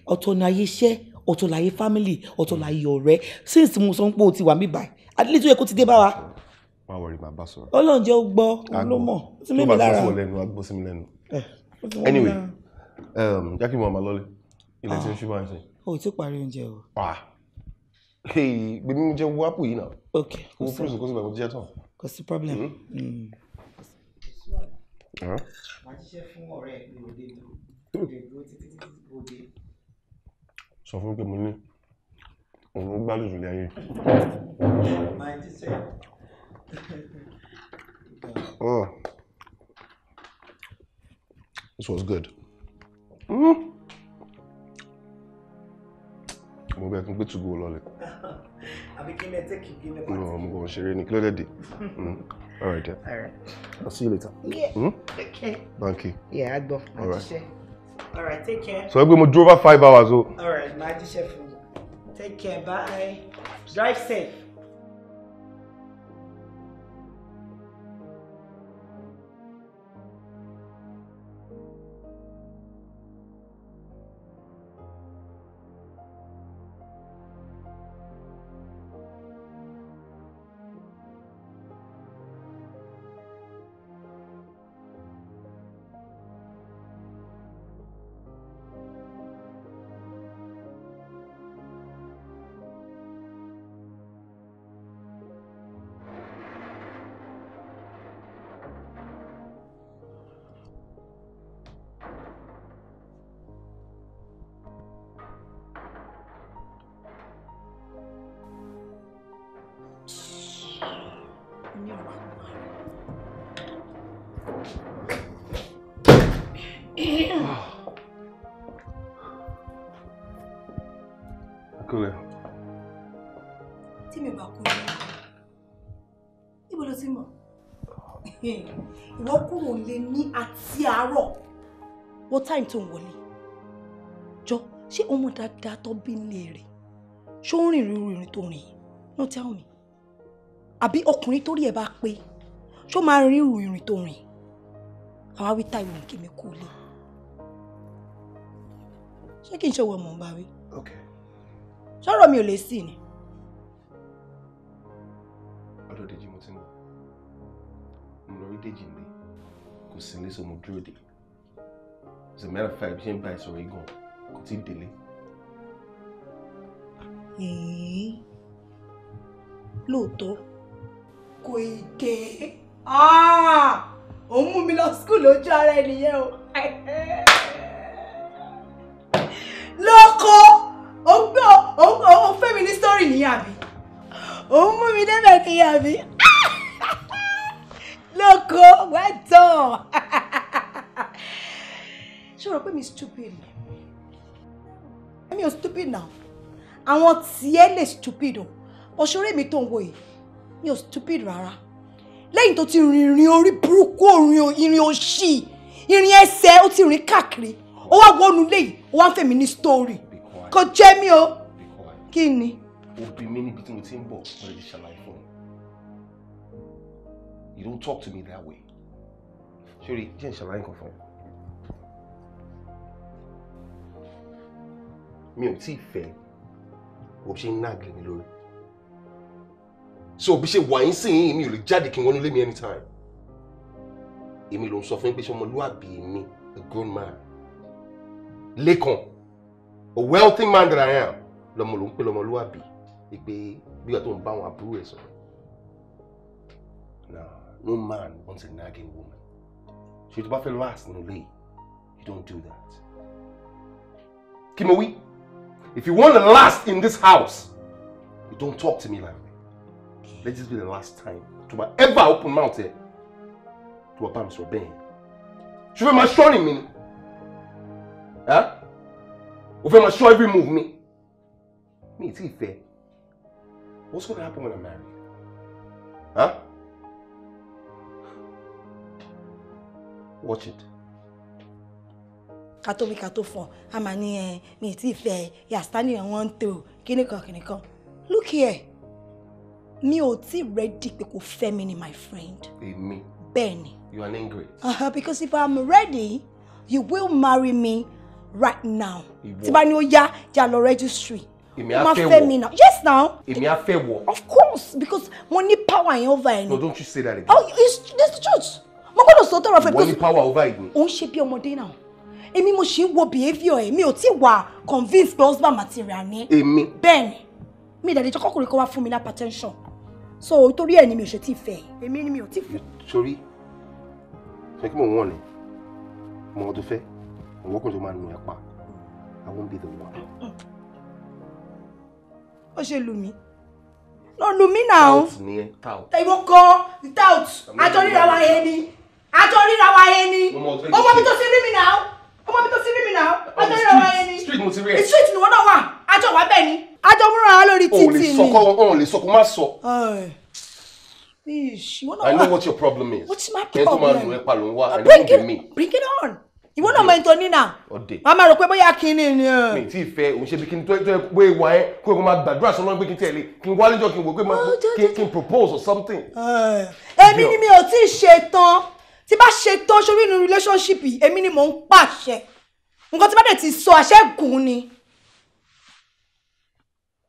ọ̀tọ̀ ni ayé iṣẹ́ ọ̀tọ̀ láyé family ọ̀tọ̀ láyé ọ̀rẹ́ since mo sọ pé o ti wà mí báyìí at least ó yẹ kó ti dé bá wa má wọrí máa bá sọ̀rọ̀. ó lóun jẹ́ ó gbọ́ òun ló mọ̀ ó ti mímì lára. tó bá gbọ́ lẹ́nu agbó sí mi lẹ́nu. Eh, anyway um, jákè mọ́ ọmọ lọ́lẹ̀ ilẹ̀ tí ó ṣú máa ń ṣe. Ah, o ti parí oúnjẹ o. gbèmí mi jẹ́ wápù yìí náà. ok kò sí kò sí kò sí tán. kò sí problem. máa hmm? hmm. sọ fún pé mo ní òun gbádùn ìrìnlẹ̀ oh. This was good. Mm. Mo bẹ kí n gbé tùgbò lọlẹ̀. Àbí kí n lè tẹ́kì kí n lè pàtó. Mo kàn mm. All right. Yeah. All right. I'll see you later. Yeah. Mm? Okay. Thank you. Yeah, I go. All right. All right, take care. So, I'm going to drove for five hours. Oh. All right, my Take care. Bye. Drive safe. àti àárọ̀ wo time tó ń wọlé jọ ṣé ọmọ dáadáa tó bí nílé rẹ̀ ṣó ń rìn rírun ìrìn tó rìn no tell me àbí ọkùnrin tó rí ẹ bá pé ṣó máa rìn rírun ìrìn tó rìn àwa wí táìmù kìmí kú lé ṣé kí n ṣe wọ ọmọ ọba wí. sọ̀rọ̀ mi ò lè sí ni. ọ̀dọ̀ Dèjì mo ti ń lọ mo lọ rí Dèjì nílé kò sí nílé sọmọ dúró dé as a matter of ṣe ń bá ìsọ̀rọ̀ igun kò tí ì délé. lóòótọ́ kò ì dé òun ah! mú mi lọ skul lójú ara ẹnìyẹn o lóko òun gbọ́ òun fẹ́ mi ní sítórì nìyẹn àbí òun mú mi débẹ̀ nìyẹn àbí lóko wẹ́tọ̀ ṣé o rò pé mi stupid ni èmi ò stupid now àwọn tiẹ̀ lè stupid o ọ̀ṣọ́rẹ́ mi tó ń wo yìí mi ò stupid rárá lẹ́yìn tó ti rìn ìrìn orí burúkú ìrìn òṣì ìrìn ẹsẹ̀ ó ti rìn káàkiri ó wá wọnú léyìí ó wá ń fẹ̀mí ní story kò jẹ́ mi o kí ni. òbí mi níbi tí mo ti ń bọ̀ pẹ̀lú ìṣàlàyé fún mi you don't talk to me that way ṣé o rí jẹ́ ìṣàlàyé kan fún mi. mi ò tí ì fẹ́ o ṣe ń nàgìrì mi lórí so bí ṣe wà yín sí yín mi ò lè jáde kí n wọnú lé mi anytime èmi ló ń sọ fún yín pé ṣe ọmọlúwàbí mi a grown man lẹ́kàn a wealthy man that I am lọmọ ló ń pè lọmọlúwàbí pé bígbà tó ń bá àwọn àbúrò ẹ̀ sọ̀rọ̀ no no man wants a nagging woman ṣe tó bá fẹ́ last nílé you don't do that kí mo wí. If you want to last in this house, you don't talk to me like that. Let this be the last time. To ever open mouth here. To a bam so bang. She show destroy me. Huh? Over my show every move me. Me, it's fair. Eh? What's gonna happen when I'm married? Huh? Watch it. ká tó wí tó fọ̀ a máa ní ẹ mi tí ì fẹ́ yàtánì àwọn ń tò kíní kan kíní kan look here mi ò tí ready pé kò fẹ́ mi ni my friend. èmi bẹ́ẹ̀ you are angry. Uh, huh. because if i'm ready you will marry me right now. tí bá ní ó yá jà lọ registry èmi á fẹ́ wọ̀ yes now. èmi á fẹ́ wọ̀. of course because mo ní power yẹn over ẹni. no don't you say that again. oh it's, it's the truth. mo gbọ́dọ̀ sọ tọrọ fẹ́. mo ní power over ẹni. òun ṣe bí ọmọdé náà èmi mo ṣì ń wo behaviour ẹ̀ mi ò tí wà convince pé husband material ni. èmi. bẹ́ẹ̀ni mi ìdàdí jẹ́ kọ́kùnrin kan wá fún mi ní hypertension so torí ẹ̀ ni mi ò ṣe tí ì fẹ́ ẹ̀ èmi ni mi ò tí ì fẹ́. sori fẹ́ kí mò ń ni mo ọdún fẹ́ mo wọ́pọ̀ tó máa nù ẹ́ pa I won't be the one. ó ṣe lù mí lọ lù mí náà. out ni ẹ tout. ìwọ kọ tout àjọ ríra wa yẹn ni àjọ ríra wa yẹn ni ọmọ mi tó ṣe rí mi náà ọmọ mi tó sí mímì náà ọjọ́ ìrọ̀ wa ẹni street mo ti rí ẹ street ni wọ́n náà wà àjọ wà bẹ́ẹ̀ ni. àjọ múra wa lórí títì ni. òun lè sọkọ má sọ. I know what your problem is. What's my problem? Kẹ́ntọ́ máa nù ẹ́ palọ̀ ń wá and it won't be me. Bring it on ìwọ náà mọ ẹni tó ní nà wàá máa rò pé bóyá kínní ni. mi ti fẹ òun ṣe bí kí n tó ẹ pé ìwà ẹ kó o máa gbàdúrà sọlọ́n pé kí n tẹ̀lé kí n wálé jọ kí n wò pé oh, kí n propose or something. èmi ni mi ò tí ì ṣe tán tí bá ṣe tán sórí inú relationship yìí èmi ni mò pa pàṣẹ nǹkan tí ba dẹ̀ ti sọ àṣẹ́gun ni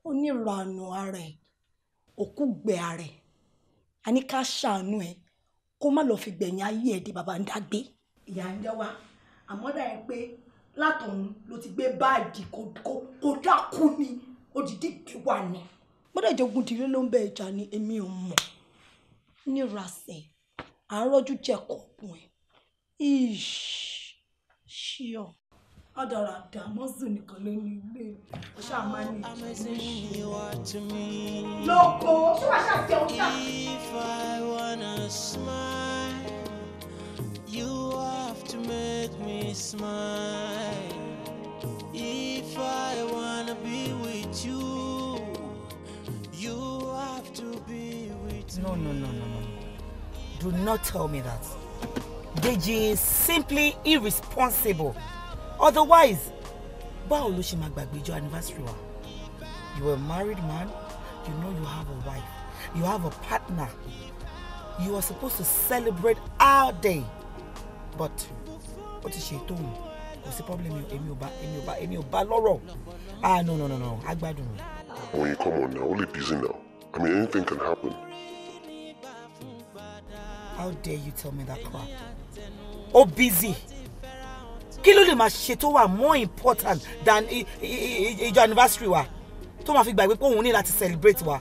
onírànù ara ẹ̀ òkú gbẹ ara ẹ̀ a ní ká ṣàánú ẹ̀ kó má lọ́ọ́ fi gbẹ̀yìn ayé ẹ̀ di bàbá ń dágbé. ìyá ń jẹ́ wa àmọ́ dà ẹ́ pé látọ̀hún ló ti gbé báàdì kó dákú ni odidi kẹwà ni. gbọ́dọ̀ ìjọgùn ìdílé ló ń bẹ ìjà ni èmi ò mọ̀ nírasẹ̀ à ń rọ́jú jẹ̀kọ̀ ish ṣíọ ọ̀dàràdà mọ́sù nìkan ló ní ilé ó ṣáà lóko ṣé smile, you have to make me smile. If I wanna be with you, you have to be with me. No, no, no, no, no. Do not tell me that. Deji is simply irresponsible otherwise báwo ló ṣe máa gbàgbé ijó anniversary wa you are married man you know you have a wife you have a partner you were supposed to celebrate our day but ó ti ṣe ètò òun kò sí problem èmi ò bá èmi ò bá èmi ò bá lọ́rọ̀ ah no no no no agbádùn mi. Oh, oyin come on now only busy now i mean anything can happen. how dare you tell me that crap ó busy kí ló lè máa ṣe tó wà more important than ìjọ anniversary wa tó máa fi gbàgbé pé òun ní láti celebrate wa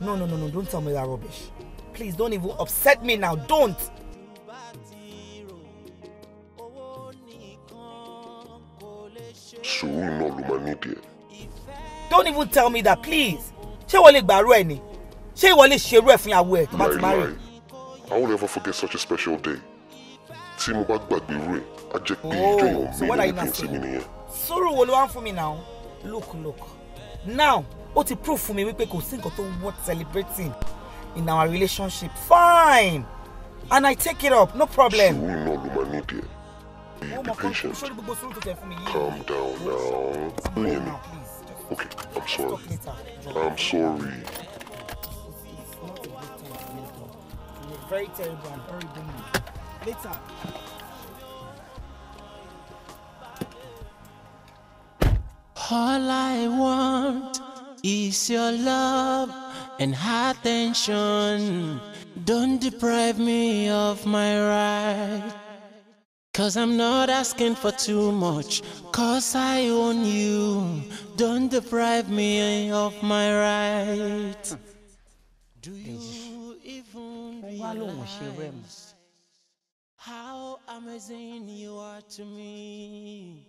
no no no no don't tell me that rubbish please don't even upset me now don't. sùúrù náà ló máa nídìí ẹ. don't even tell me that please ṣé ìwọ lè gbàrú ẹ ni ṣé ìwọ lè ṣerú ẹ fún ìyàwó ẹ tó bá ti má rè. my life i will never forget such a special day tí mo bá gbàgbé rẹ̀ á jẹ́ pé oh, ìjọ ìwọ̀n mi ní ìdí sí nìyẹn. sùúrù wo ló wá ń fún mi now look look now ó ti prove fún mi wípé kò sí nǹkan tó worth celebrating in our relationship fine and I take it up no problem. sùúrù náà ló máa ní ìdí ẹ̀ be patient calm down now bóyá ni okay I'm sorry I'm sorry. Very terrible and horrible later. All I want is your love and attention. Don't deprive me of my right. Cause I'm not asking for too much, cause I own you. Don't deprive me of my right. Do you even realize? How amazing you are to me.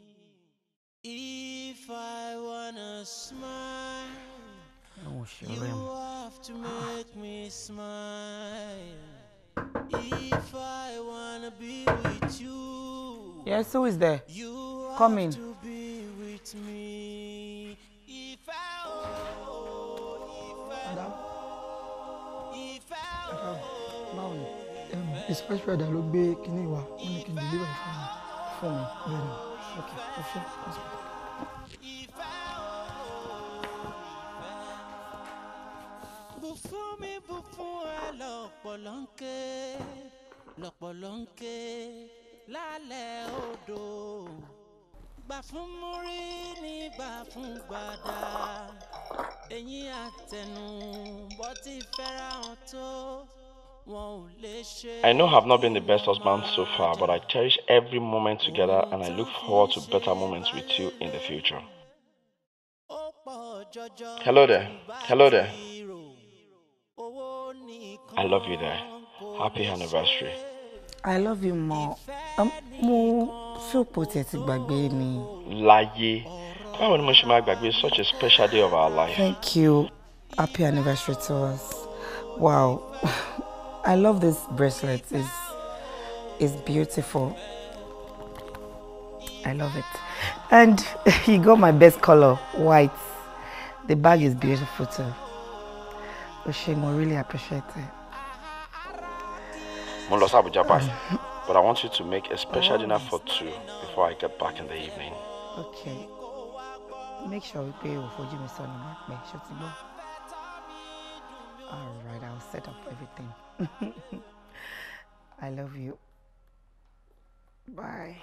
If I wanna smile, oh, you have to make ah. me smile. If I wanna be with you, yes, who is there? You Come in. to be with me. If I, oh, if I, oh, if I, oh, dispatch rider ló gbé kíní wa wọ́n ní kí deliver fún mi fún mi bẹ́ẹ̀ ni ok ó fẹ́ hospital. bùfún mi bùfún odò gbà fún múrí nígbà fún gbàdá ẹ̀yìn àtẹnu ti fẹ́ràn tó. I know I have not been the best husband so far, but I cherish every moment together and I look forward to better moments with you in the future. Hello there. Hello there. I love you there. Happy anniversary. I love you more. Um, feel pé o ti gbàgbé ni. Láyé, báwo ni mo such a special day of our life? Thank you. Happy anniversary to us. Wow. I love this bracelet. It's, it's beautiful. I love it. And he got my best color, white. The bag is beautiful too. Oshimo, really appreciate it. Mm-hmm. but I want you to make a special oh, dinner for two before I get back in the evening. Okay. Make sure we pay you for Jimmy's son and All right, I'll set up everything. I love you. Bye.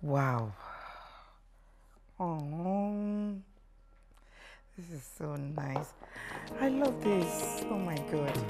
Wow. Oh, this is so nice. I love this. Oh my God.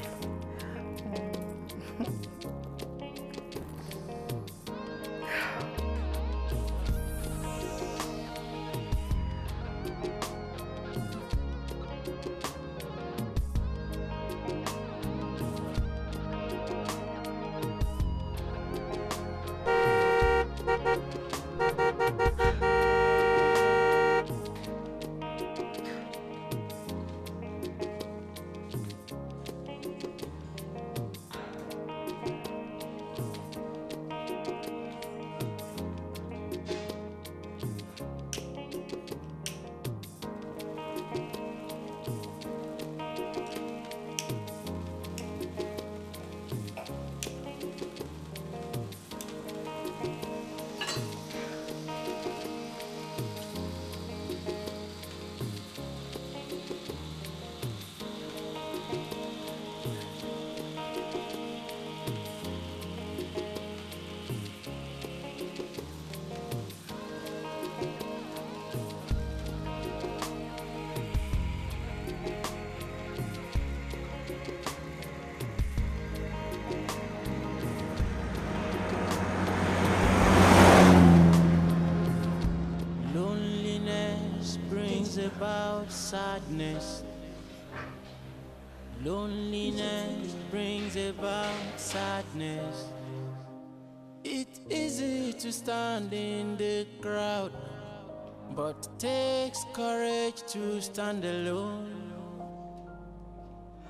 to stand alone.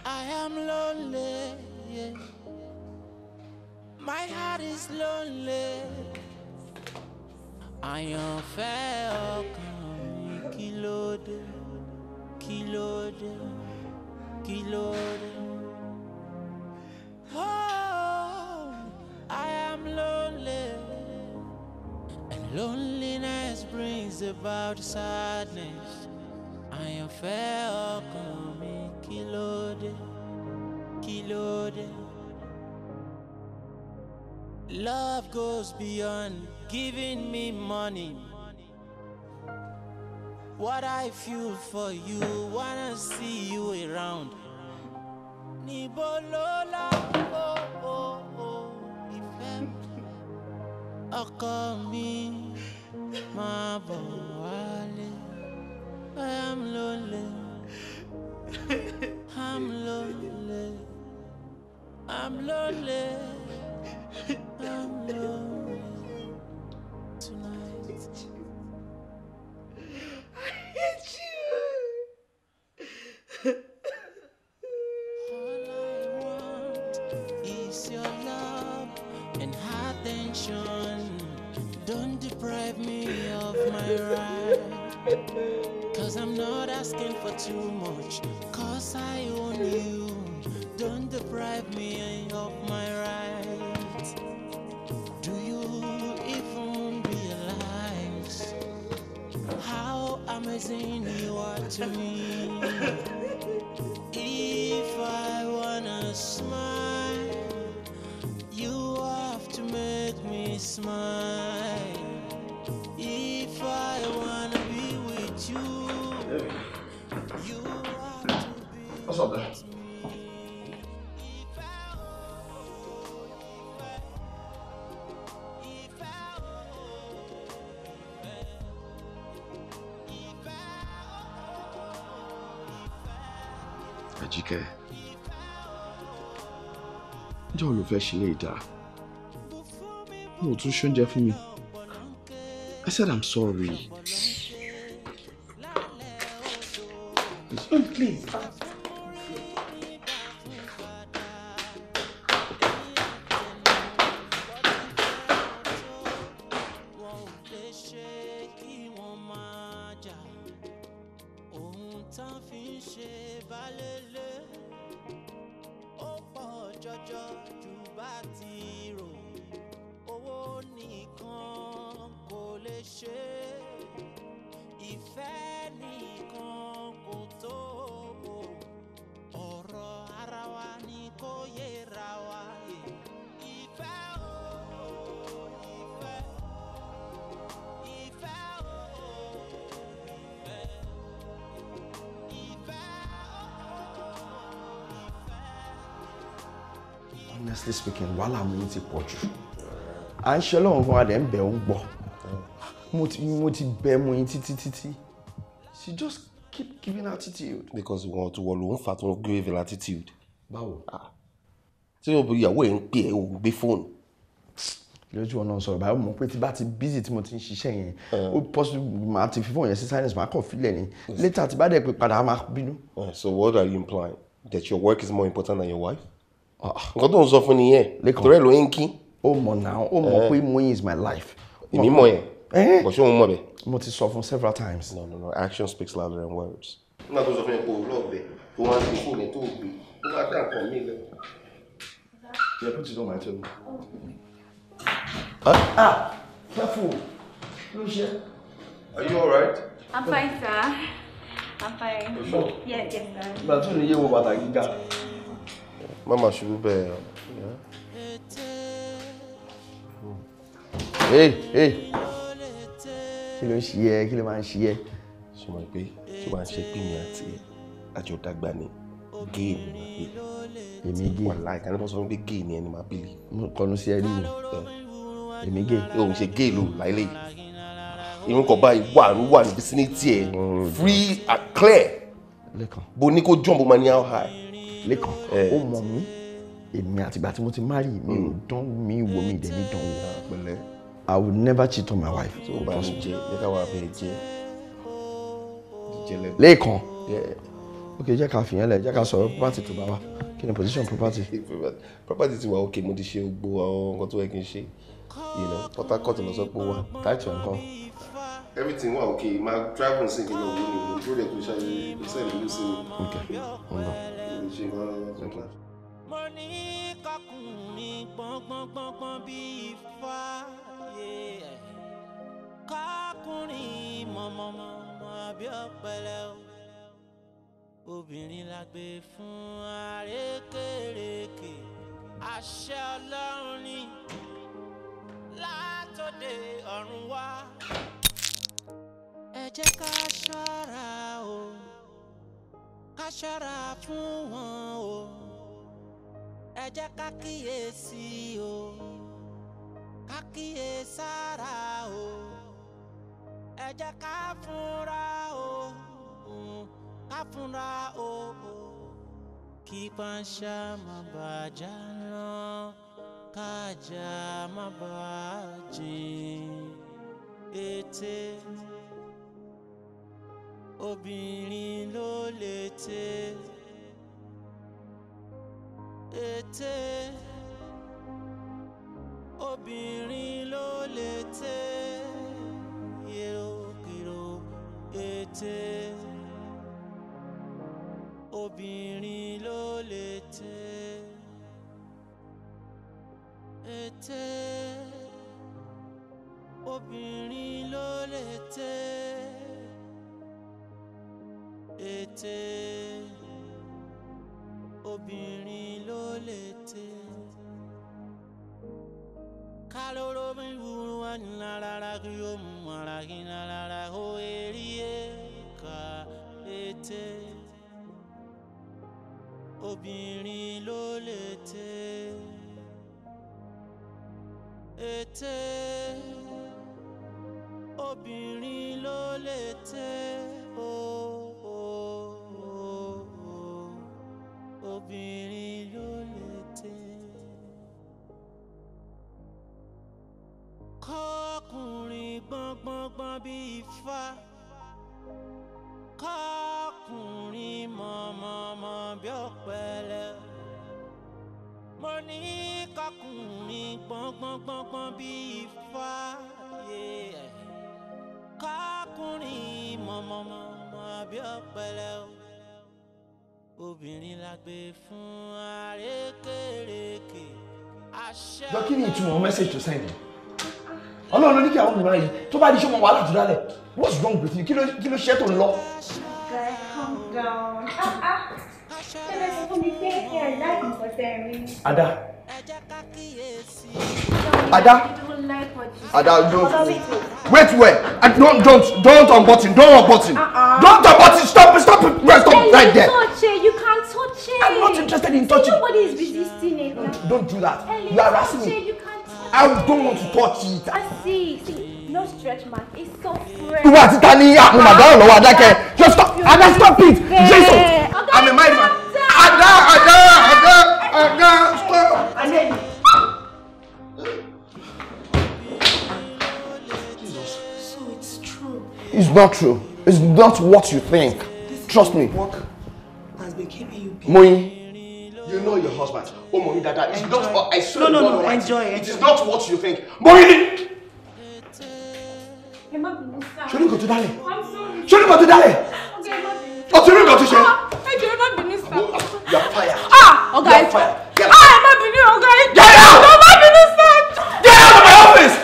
I am lonely. My heart is lonely. I am ọkàn mi kí ló dé, Oh, I am lonely. And loneliness brings about sadness fẹ́ ọkàn mi kí ló dé kí ló dé. Love goes beyond giving me money. What I feel for you, wanna see you around. Nibolola, Oh, oh, oh, ìfẹ́ ọkọ mi bọ̀ wálé. I'm lonely. I'm lonely. I'm lonely. I'm lonely tonight. I hate you. All I want is your love and attention. Don't deprive me of my right not asking for too much, cause I own you. Don't deprive me of my rights. Do you even realize how amazing you are to me? If I wanna smile, you have to make me smile. Vad sa du? Àjíkẹ́ jọ́ ló fẹ́ ṣe lè dá mo tún ṣóúnjẹ fún mi I said I'm sorry. Mm, please. ti pọ̀ jù à ń ṣe fún adẹ̀ ń bẹ̀ ń gbọ́ mo ti bẹ̀ mu yín títí títí she just keep giving attitude. because wọn ti wọ ló ń fa tó ń give attitude. báwo. tí ah. o ìyàwó ẹ̀ ń pè ẹ́ o gbé fóònù lójú ọ̀nà sọ̀rọ̀ báyọ̀ mọ̀ pé tí bá ti busy tí mo ti ń ṣiṣẹ́ yẹn eh. ó possible máa ti fífọ̀ yẹn sí silence máa kàn fílẹ̀ ni later tí bá dẹ̀ pé padà máa bínú. Eh, so what are you implying that your work is more important than your wife nǹkan tó ń sọ fún nìyẹn torí ẹ̀ ló ń kí. ó mọ̀ náà ó mọ̀ eh. pé Muyi is my life. èmi mọ̀ yẹn kò sí òun mọ̀ bẹ́ẹ̀. mo ti sọ fún several times. no no no action speaks louder than words. nígbà tó sọ fún yẹn pé òwúrọ̀ ọ̀bẹ tó wá ń gbé fóònù tó gbé tó wá dá nǹkan mí lẹ. Yeah, put it on my table. Huh? Ah, careful. Lucia, are you alright? I'm fine, sir. I'm fine. You sure? Yes, yes, sir. But you need to go back again má má ṣubú bẹ́ẹ̀. Hmm. ee ee kí ló ń ṣe ẹ kí ló máa ń ṣe ẹ. sọ ma pé tí wàá ń ṣe pé mi àti àjọ dàgbà ni géè ni màá pè. èmi géè wàhálà ìkànnì kan sọ pé géè ni ẹni màá pè lè. mo kọnu sí ẹ mi èmi géè. òun ṣe géè láìlè irun kan báyìí wà ń wà ní bísí ní hmm. free and clear. bó ní kó jump bó máa ní how high lẹ́kàn ó mọ̀ mí èmi àtìgbà tí mo ti marry mi ò hmm. dán mi wò mí ìdẹ́ni dán wò. I would never cheat on my wife. tó o bá mi jẹ yẹ ká wà bẹ́ẹ̀ jẹ. lẹ́ẹ̀kan ok jẹ́ ká fìyàn lẹ̀ jẹ́ ká sọ̀rọ̀ property tó bá wa kí ni position property. property ti wà òkè mo ti ṣe gbogbo àwọn nǹkan tó yẹ kí n ṣe Port Harcourt lọ sọ pé wà táìtì nǹkan everything wa okay ma travel sin kí n lọ wo ni tó lè kó ṣáájú ṣáájú ló sí mi. ok n bọ ṣe nǹkan kan. mo ní kọkùn mi gbọ̀ngbọ̀ngbọ̀ngbọ̀n bíi fàyè kọkùnrin mọ̀mọ̀mọ̀ bí ọ̀pẹ̀lẹ̀ obìnrin la gbé fún àrékèrèké àṣẹ ọlọ́run ni látòdè ọ̀run wá ẹ jẹ́ ká ṣọ́ra o ká ṣọ́ra fún wọn o ẹ jẹ́ ká kíyèsí o ká kíyèsára o ẹ jẹ́ ká fúnra o ká fúnra o kí panṣá má bàjá lọ kájà má bàjẹ́ ètè obìnrin ló lè tẹ ètè obìnrin ló lè tẹ yèròkèrò ètè obìnrin ló lè tẹ ètè obìnrin ló lè tẹ ètè obìnrin ló lè tè kaloro mi wúru wá ní lára kí ó mú ara kí lára ó eré èka ètè obìnrin ló lè tè ètè obìnrin ló lè tè Oh. Kakuni ló lè tẹ́. kọ́kùnrin gbọ́ngbọ́ngbọ́n bíi ifá kọ́kùnrin mọ̀mọ̀mọ̀ bí ọ̀pẹ̀lẹ̀. mo ní kọ́kùnrin gbọ́ngbọ́ngbọ́ngbọ́n bíi ifá kọ́kùnrin mọ̀mọ̀mọ̀ obìnrin la gbé fún àrékèrèké. jọ kí ni ìtumọ̀ message to send ọlọ́run ló ní kí àwọn mìíràn yìí tó bá di ṣé wọn wàhálà jù lálẹ̀ what's wrong with you kí ló ṣe tó ń lọ. ada Ada. Ada, don't. Wait, where? I don't, don't, don't unbutton. Don't unbutton. Uh-uh. Don't unbutton. Stop, it, stop, it. Stop Can right there. Touch it. You can't touch it. I'm not interested in See, touching. Nobody is resisting it. Don't, don't do that. Ellie, you are harassing me. I don't want to touch it. I see. See, no stretch mark. It's so fresh. You are titani. I'm not down. No, Ada. Just stop. Ada, stop it. Jason. I'm a mind man. Ada, Ada, Ada. Ọ̀gá stop. Jesus. it's not true. It's not what you think. Trust me. Work has been keeping you busy. Moyin. You know your husband. Oh, Moi, Dada. It's enjoy. not what I swear. No, no, no. Right. Enjoy it. It is not what you think. Moyin! Ṣé ní kò tó dálẹ̀? Ṣé ní kò tó dálẹ̀? Ọtí ní kò tó ṣe? Ẹ jẹ́ ẹ má bínú sá. You are fired ọ̀gá ìjọ Get out! Ah, má bínú ọ̀gá ìjọ ẹ má bínú sir. get out of my office.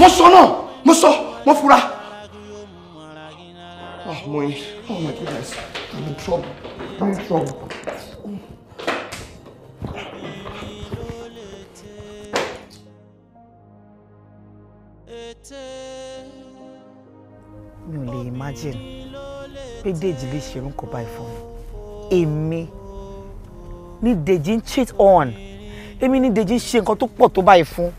mo sọ náà mo sọ mo fura. ah mo oh my goodness i'm in trouble i'm in trouble. mi ò lè imagine pé Dèjì lè ṣerú kó báyìí fún mi èmi ni Dèjì ń cheat on èmi ni Dèjì ń ṣe nǹkan tó pọ̀ tó báyìí fún.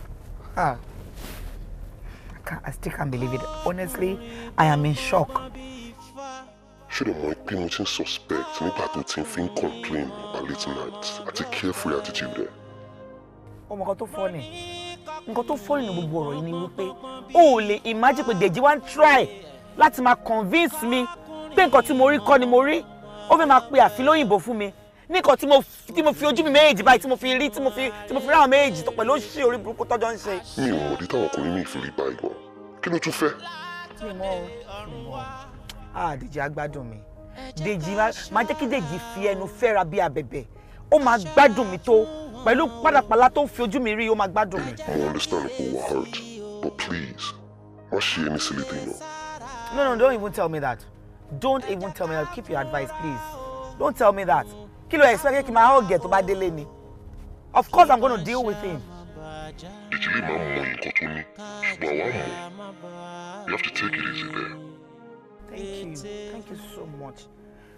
I still can't believe it honestly I am in shock. ṣùgbọ́n mọ̀ pé mo ti ń suspect nígbà tó ti fi ń complain at late night àti carefree attitude rẹ̀. ọmọ kan tó fọ́ ni nǹkan tó fọ́ nínú gbogbo ọ̀rọ̀ yìí ni wípé o ò lè imagine pé Dèjì wá ń try láti máa convince me. pé nǹkan tí mo rí kọ́ ni mo rí ó fẹ́ máa pe àfilóyìnbó fún mi nìkan tí mo fi ojú mi méjì báyìí tí mo fi rí tí mo fi tí méjì tó pẹ̀lú oṣù orí burúkú tọ́jọ́ ń ṣe. mi ò mọ̀ dé táwọn ọkùnrin mi fi rí báyìí wọ kí ló tún fẹ́. mi mọ o agbádùn mi Dèjì máa jẹ́ kí Dèjì fi ẹnu fẹ́ra bí abẹ̀bẹ̀ ó máa gbádùn mi tó pẹ̀lú pàlàpàlà tó ń fi ojú mi rí ó máa gbádùn mi. I understand who were hurt but please má ṣe any silly thing o. No no don't even tell me that don't even tell me that keep your advice please don't tell me that kí ló expect kí n máa hàn tó bá délé ni of course i'm gonna deal with him. ìdílé máa mọ nǹkan tó ní ṣùgbọ́n àwa mọ̀ you have to take it easy there. thank you thank you so much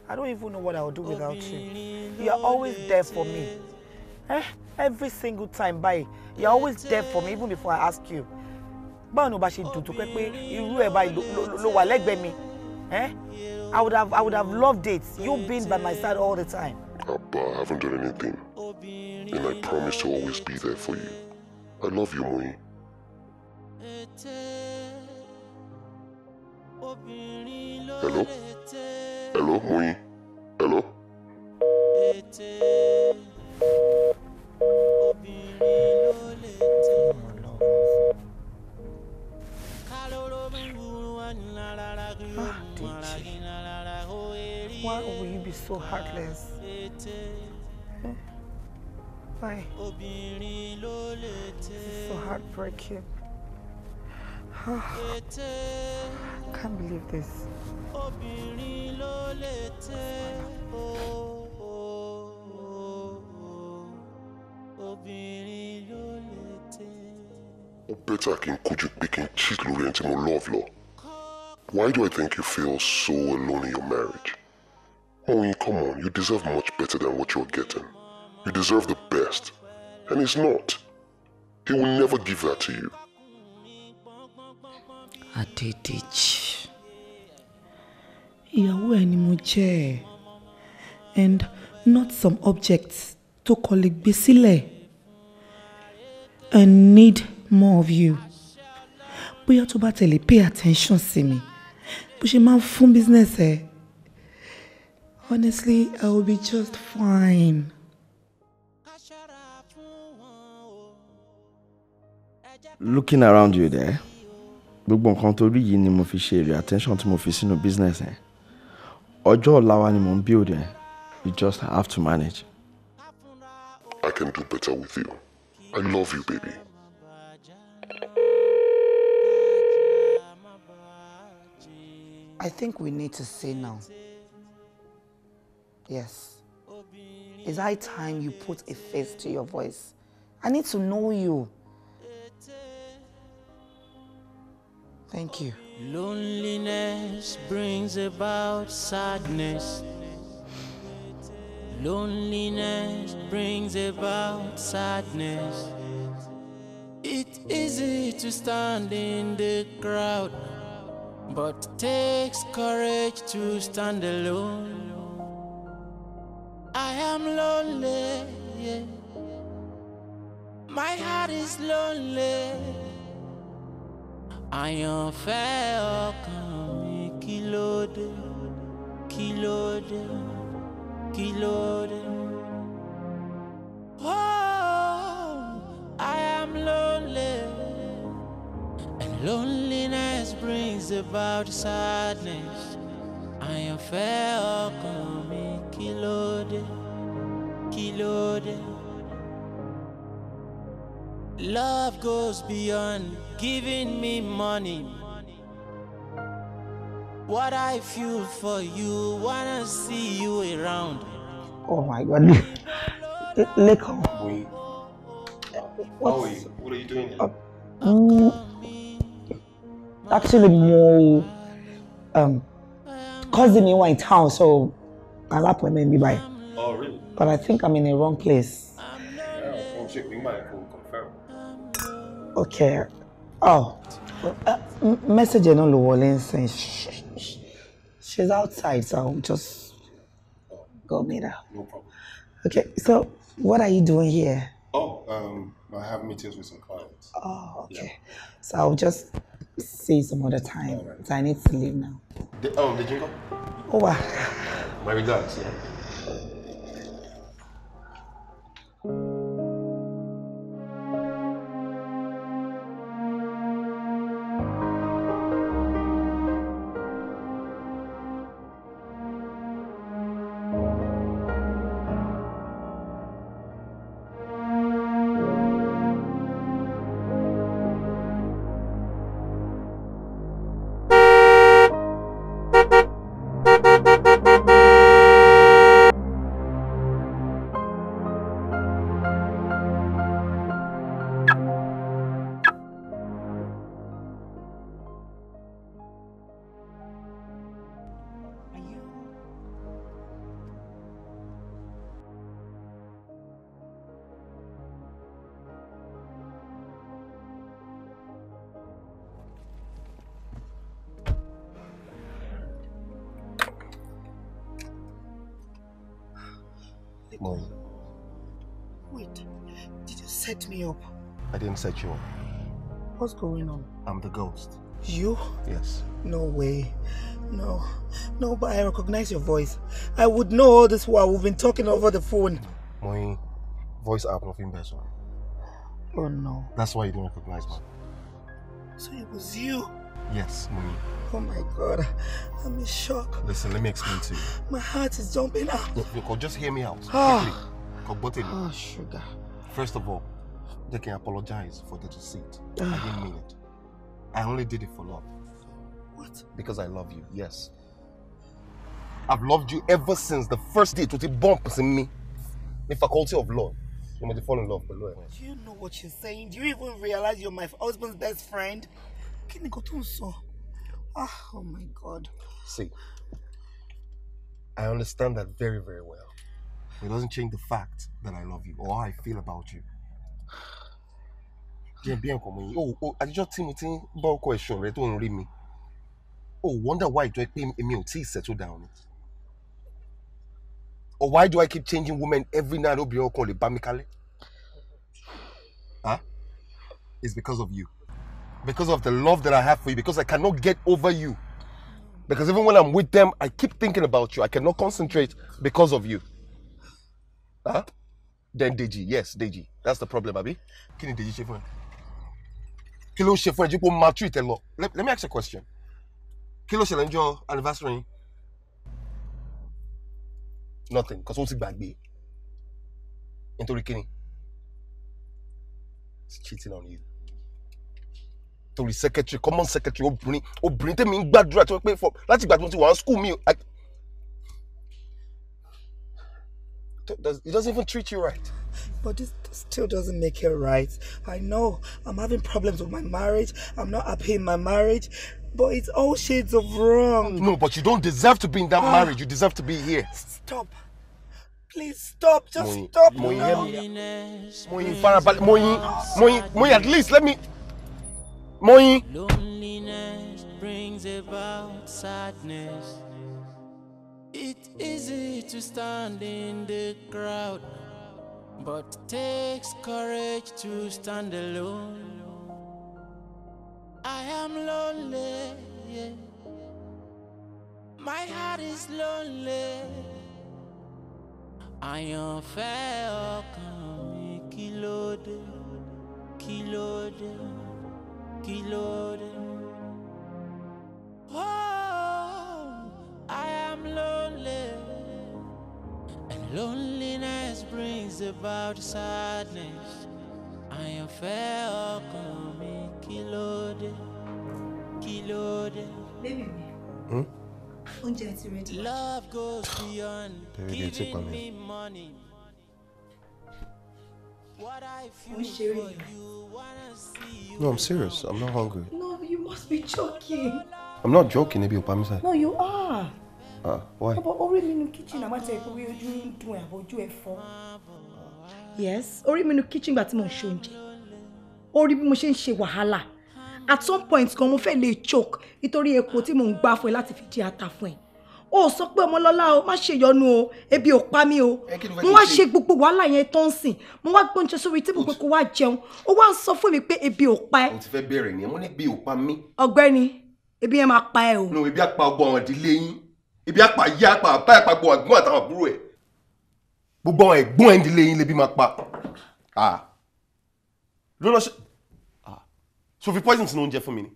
i don't even know what i would do without you you are always there for me eh? every single time báyìí you are always there for me even before i ask you báwo ni o bá ṣe dùn tó pé pé irú ẹ̀ báyìí ló wà lẹ́gbẹ̀ẹ́ mi eh? i would have i would have loved it you being by my side all the time. But I haven't done anything. And I promise to always be there for you. I love you, Moi. Hello? Hello, Moi? Hello? Oh, my love. Ah, Why will you be so heartless? Why? This is so heartbreaking. I can't believe this. ó bẹ́tà kí n kojú pé kí cheat lórí ẹni tí love lọ. Why do I think you feel so alone in your marriage? Oh, come on, you deserve much better than what you're getting. You deserve the best. And it's not. He will never give that to you. Adedeji. And not some objects tó call it gbé I need more of you. Bóyá tó bá tẹ̀lé pay attention to me. bó ṣe máa ń fún business ẹ honestly I will be just fine. looking around you there gbogbo nǹkan tó rí yìí ni mo fi ṣe èrè attention tí mo fi sínú business ẹ ọjọ́ ọ̀la wa ni mo ń build ẹ you just have to manage. I can do better with you. I love you, baby. I think we need to say now. Yes. Is high time you put a face to your voice. I need to know you. Thank you. Loneliness brings about sadness. Loneliness brings about sadness. It's easy to stand in the crowd but takes courage to stand alone. I am lonely. My heart is lonely. I am mi kí Kilode, kilode, Loneliness brings about sadness. I am mi kí ló dé? Kí Love goes beyond giving me money. What I feel for you, wanna see you around. Oh my God, Lekon. Wait. What are you doing Uh, actually more um, cousin mi wà in town so alápẹ̀mẹ̀ mi by. oh really. but I think I'm in the wrong place. okay oh uh, message on the wall and she's outside so just go meet her. no problem. okay so what are you doing here. oh um, I have meetings with some clients. oh okay yeah. so I'll just. See some other time. Right. So I need to leave now. The, oh, the jingle? Oh, wow. My regards, yeah. Good Wait, did you set me up? I didn't set you up. What's going on? I'm the ghost. You? Yes. No way. No. No, but I recognize your voice. I would know all this while we've been talking over the phone. My voice app of Imbezo. Oh no. That's why you didn't recognize me. So it was you. Yes, mommy. Oh my God, I'm in shock. Listen, let me explain to you. My heart is jumping out. Look, look just hear me out. Ah. Quickly. Oh, sugar. First of all, they can apologize for the deceit. I ah. didn't mean it. I only did it for love. What? Because I love you, yes. I've loved you ever since the first day to the bumps in me. The faculty of love. You must fall in love below. Do you know what you're saying? Do you even realize you're my husband's best friend? kí ni nǹkan sọ ah oh my god. see I understand that very very well it doesn't change the fact that I love you or how I feel about you. díẹ̀ bí ẹ̀kọ́ mọ̀ yìí o o tí mo ti ń bá ọkọ rẹ tó ń mi o oh, wonder why ìjọ pé èmi ò tí ì settle down or why do I keep changing women every night obìnrin ọkàn lè bá mi Huh? It's because of you because of the love that I have for you, because I cannot get over you. Because even when I'm with them, I keep thinking about you. I cannot concentrate because of you. Huh? Then Deji, yes, Deji. That's the problem, Abi. Kini Deji Shefun. Kilo Shefun, you go maltreat a lot. Let, let me ask you a question. Kilo Shelenjo anniversary. Nothing, because what's it back be? Into the kini. It's cheating on you. torí secretary common secretary obìnrin obìnrin tèmi ń gbàdúrà tí wọ́n pè fọ láti ìgbà tí mo ti wà school me? It doesn't even treat you right. But this still doesn't make it right. I know I'm having problems with my marriage. I'm not happy in my marriage. But it's all shades of wrong. No, but you don't deserve to be in that ah. marriage. You deserve to be here. Stop. Please stop. Just Moin, stop. Moin, now. Moin, Moin, Moin, Moin, Moin, at least let me. Loneliness brings about sadness. It's easy to stand in the crowd, but takes courage to stand alone. I am lonely. My heart is lonely. I am mi kí Lucky Lord. Oh, I am lonely, and loneliness brings about sadness. I am fair, call me Kilode. Kilode. Baby, hmm? Love goes beyond giving me money. No, I'm serious. I'm not hungry. No, you must be joking. I'm not joking, ebi ò pa mí No, you are. Ah, uh, why? Bàbá orí mi nínú kitchen I'm tẹ̀ pé ojú ń dùn ẹ̀ àbójú ẹ̀ fọ́. Yes, orí mi nínú kitchen but I'm mo ń ṣe oúnjẹ. Orí bí mo ṣe At some point gan mo fẹ́ lè choke nítorí epo tí mo ń gbà fún ẹ láti fi jẹ ata fún ẹ o sọ pé ọmọlọ́lá o má ṣe yọnu o ebi ò pa mí o mo wá ṣe gbogbo wàhálà yẹn tó ń sìn mo wá gbóúnjẹ sórí tí mo pé kó wá jẹun o wá ń sọ fún mi pé ebi ò pa ẹ. o ti fẹ́ bẹ̀rẹ̀ ni mo ní ebi ò pa mí. ọ̀gbẹ́ni ebi yẹn máa pa ẹ o. no ebi apá ọgbọ àwọn ìdílé yín ebi apá yí apá apá apá gbọ àgbọn àtàwọn àbúrò ẹ gbogbo àwọn ẹ̀gbọ́n ìdílé yín lebi máa pa so fi poison sínú oúnjẹ fún mi ni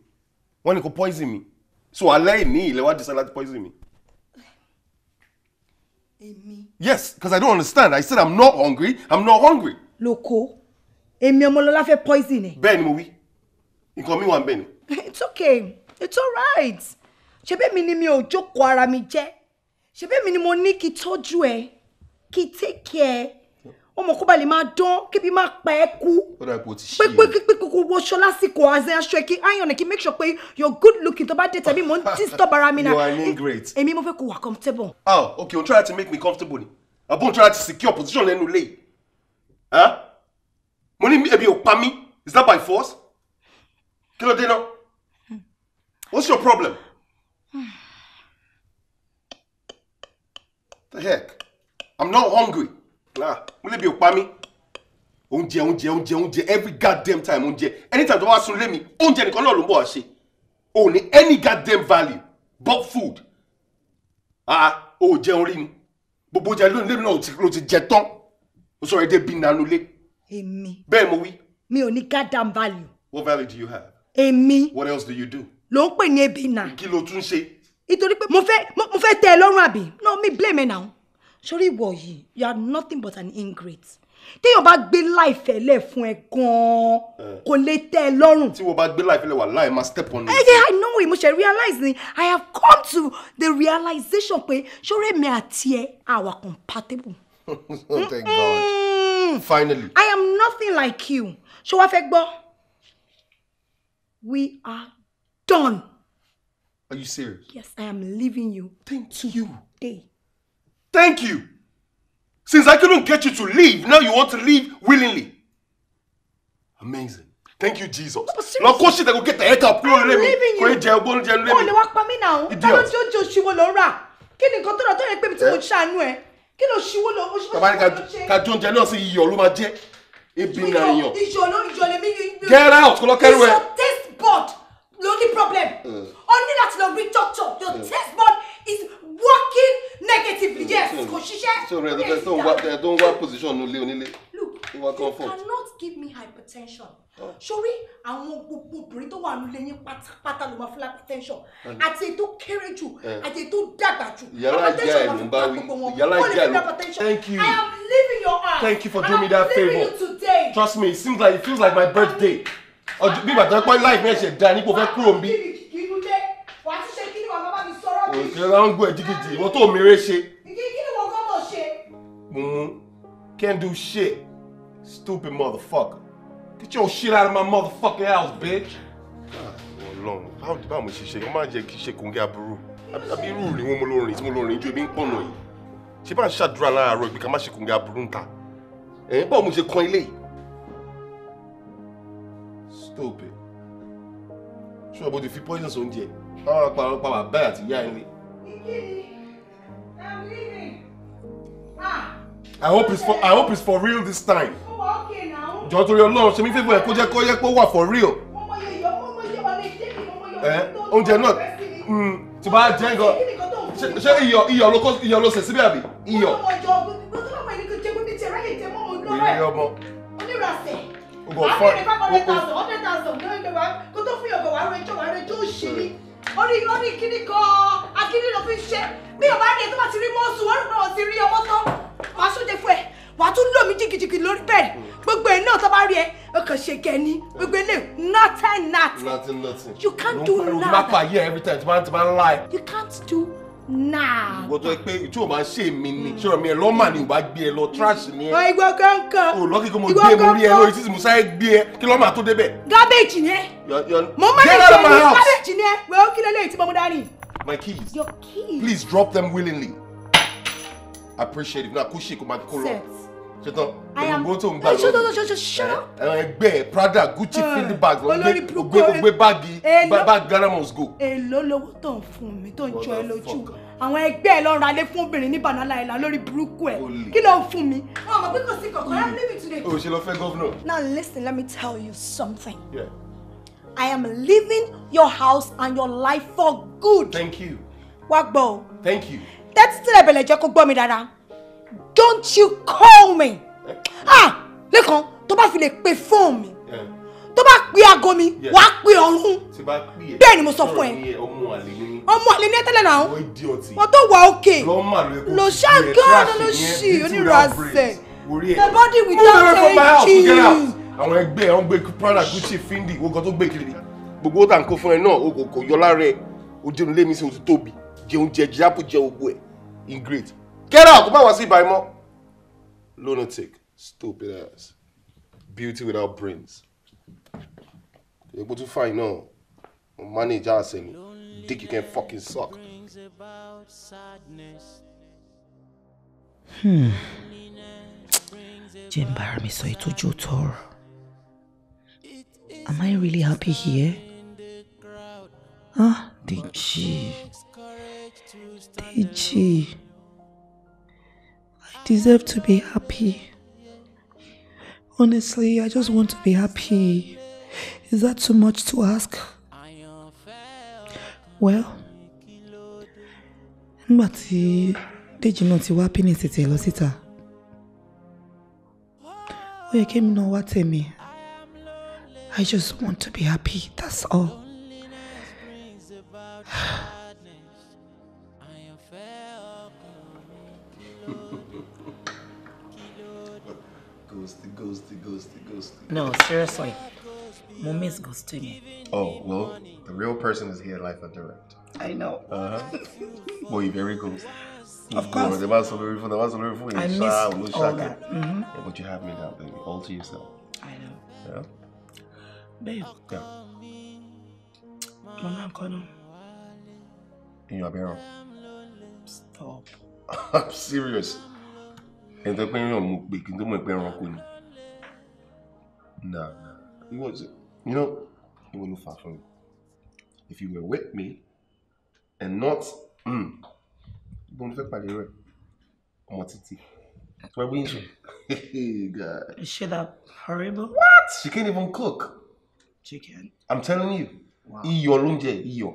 wọ́n ní kò poison mi so alẹ́ ìní ilẹ̀ wá decide láti poison mi. Èmi. Yes, because I don't understand. I said I'm not hungry. I'm not hungry. Loko, èmi Ọmọlọ́lá fẹ́ poison ẹ̀. Bẹ́ẹ̀ mo wí, nǹkan mi wà ń bẹ̀ ni. It's okay, it's alright. Ṣebí mi ni mi ò jókòó ara mi jẹ́. Ṣebí mi ni mo ní kí tọ́jú ẹ, kí take care ọmọ kó ba máa dán kébi máa pa ẹ́ kú pé pé kò wọṣọ lásìkò àzẹ aṣọ ẹ kí iron ẹ kí make sure pé your good looking tó bá dé tẹ̀mí mo ń disturb ara mi na èmi mo fẹ́ kó wà comfortable. ah okay o try to make me comfortable ni abo try to secure position lẹ́nu lé mo ní ebi ò pa mí is that by force kí ló dé náà what's your problem. the heck i'm not hungry. Múlẹ̀bí ò pa mí. Oúnjẹ oúnjẹ oúnjẹ oúnjẹ every goddamn time oúnjẹ anytime tó wá sun lé mi oúnjẹ nìkan náà ló ń bọ̀ ṣe. O ní any goddamn value but food. Ah o jẹun rí ni. Gbogbo oúnjẹ lónìí lèmi náà ló ti jẹ tán. O sọ̀rọ̀ èdè bí nanú lé. Èmi. Bẹ́ẹ̀ mo wí. Mi ò ní goddamn value. What value do you have? Èmi. What else do you do? Ló ń pè ní ebi náà. Kí ló tún ṣe? Nítorí pé mo fẹ́ mo fẹ́ tẹ ẹ lọ́rùn àbí? No, mi blame ẹ náà sórí ìwọ yìí you are nothing but an ingrate téèyàn bá gbé láìfẹ́ lẹ̀ fún ẹ gan-an eh. kò lè tẹ́ ẹ lọ́rùn. tí wọ́n bá gbé láìfẹ́ lẹ̀ wà láì máa step on it. ẹyẹ eh, i know it mo ṣe realize ni i have come to the realization pé ṣọ́rẹ́ mi àti ẹ àwa compatible. oh thank god finally. i am nothing like you ṣé wàá fẹ́ gbọ́ we are done. are you serious. yes i am leaving you. thank you. today. Thank you. Since I couldn't get you to leave, now you want to leave willingly. Amazing. Thank you, Jesus. No oh, kó ṣì tẹ̀kọ́ go get the head up. I'm leaving you. ogbó ní jẹ lé mi. Olè wa pa mí náà. Idiot. Táwọn tí ó jẹ òṣìwò lọ rà. Kí ni nǹkan tó rà tó yẹ pé mi You mo eh? ṣàánú ẹ? Kí ló ṣìwò lọ? Bàbá ní ká jó oúnjẹ náà sí iyọ̀ ló máa jẹ́. Ebi ni àyàn. Get out kó lọ kẹ́rù It's your test board ló ní problem. Only eh. ní láti lọ rí doctor. Your eh. test board is working negatively yes kò ṣiṣẹ́. so rẹ ẹ tó ń wá ẹ tó ń wá position nílé onílé. look you cannot give me hypertension. Oh. sori àwọn gbogbo obìnrin tó wà nílé yín pátápátá ló máa fún hypertension àti ètò kéré jù eh. àti ètò dàgbà jù hypertension máa fi pa gbogbo wọn ó lè Thank you. i am leaving your house thank you for doing me that favour trust me it seems like it feels like my birthday ọjọ́ bí ìgbà tó ń pọ́n láì fẹ́ ṣe dá nípò fẹ́ kúrò ń bí kìlọ̀ náà ń gbọ́ ẹ̀jìgìjì ìwọ tó mèrè ṣe. kí ni wọn gbọ́dọ̀ ṣe. mumu can't do shit stupid motherfucker get your shit out of my motherfucking house bitch. Ah, Ọlọ́run báwo ni báwo mo ṣe ṣe wọn máa jẹ kí ṣe kòńgé aburú àbí irú ni wọn mo lọ rìn tí mo lọ rìn ju ebi ń pọnà yìí ṣé bá ń ṣàdúrà láàárọ̀ ìgbé ká má ṣe kòńgé aburú ń ta ẹ̀yìn báwo mo ṣe kan ilé yìí. stupid ṣùgbọ́n mo ti fi poison oúnjẹ táwọn apá bàbá àti ìyá ẹ̀ I hope it's for I hope it's for real this time. Just to your lord, mí me ẹ̀ could you call your kó wà for real. Eh? your náà mm, tí bá jẹ́ nǹkan ṣé your your ló your iyọ̀ ló sè síbí àbí? Your. Ìrírí ọmọ. your Ogun fún ẹ. Àwọn ẹ̀rẹ̀ five hundred thousand, hundred thousand, kó tó fún your wàá rẹjọ́ wàá your òṣèré orí orí kíní gan-an akíní ló fi ṣe bí ọba rẹ̀ tó bá ti rí mọ́ọ̀sù wọ́n rò ó ti rí ọmọ tán wàá sóde fún ẹ wàá tún lò mí jìgìjìgì lórí bẹ́ẹ̀ hmm. gbogbo ẹ̀ náà tó bá rí ẹ o kàn ṣe gẹ̀ẹ́ni gbogbo ilé nothing nothing you can't do nothing. you can't do náà. ìwọ tó yẹ pé tí o máa ṣe mí ni ṣọlá mi ẹ lọ́mà ni ìwà gbé ẹ lọ trash ni ẹ. ìwọ kankan o lọ́kì kí mo gbé mo rí ẹ lórí títí mo sáré gbé ẹ kí lọ́mà tó débẹ̀. garbage ni ẹ mo máa ń ṣe ní garbage ni ẹ wẹ́ẹ́ kí lélẹ́yìí tí mo mú dání. my keys your keys please drop them willingly I appreciate it now kó ṣe máa kó lọ ṣetán gbogbo tó ń gbà lọ ẹgbẹ́ eh, eh, Prada Gucci hmm. fili bag gbogbo báàgì bag, garamos go. èló lówó tó ń fún mi tó ń jọ ẹ lójú àwọn ẹgbẹ́ ẹ lọ́ra alẹ́ fún obìnrin ní banana ìlà lórí burúkú ẹ kí ló ń fún mi. ọmọ pé kò sí kankan i'm leaving today. o ṣe lọ fẹ́ gọ́vnọ̀. now listen let me tell you something. Yeah. I am leaving your house and your life for good. Thank you. Wá gbọ́ Thank you. Tẹ́tí tí ẹ̀bẹ̀lẹ̀ jẹ́ kó gbọ́ mi dáadáa don't you call me ah lẹ́kan tó bá fi lè pe fóònù mi tó bá pe aago mi wàá pe ọ̀run bẹ́ẹ̀ ni mo sọ fún ẹ ọmọ àlè ní ẹtẹ́lẹ̀ náà wọ́n tó wà òkè lọ ṣàgán ló ṣì onírasẹ̀ the body without a key. àwọn ẹgbẹ́ wọn gbé Prada Gucci Findi. ogun tó gbé kiri gbogbo ó tà ń kó fún ẹ náà o kò yọ lára ẹ o jẹun lé mi sí o ti tóbi jẹun jẹ jẹ apple jẹ gbogbo ẹ ingrate Get out! Come on, wá he ìbàyìí more? Lunatic, stupid ass, beauty without brains. Èpo tún to find mo manage àṣẹ ni, dick you can fucking suck. Hmm. ń me mi sọ ìtọ́jú tọrọ. Am I really happy here? Ah, Did she? deserve to be happy. Honestly, I just want to be happy. Is that too much to ask? Well, but ti wá pínì tètè lọ síta ó yẹ kémi náà wá tèmi I just want to be happy that's all. ghosty, ghosty, ghosty, ghosty. No, seriously. Mommy is ghosting me. Oh, well, the real person is here live and direct. I know. Uh-huh. Boy, very ghost. Of course. The The I miss all that. Mm-hmm. Yeah, but you have me now, baby. All to yourself. I know. Yeah? Babe. Yeah. Mama, I'm In your barrel. Stop. I'm serious. ẹni tó pé ń ràn mú pé kí n tó mọ̀ pé ẹranko ni nah nah it was you know ìwọ ló fà fún mi if you were with me and not hmm, bó ń fẹ́ pàdé rẹ̀ ọmọ títí where were you god is she that horrible what she can't even cook she can i'm telling you iyọ̀ ló ń jẹ iyọ̀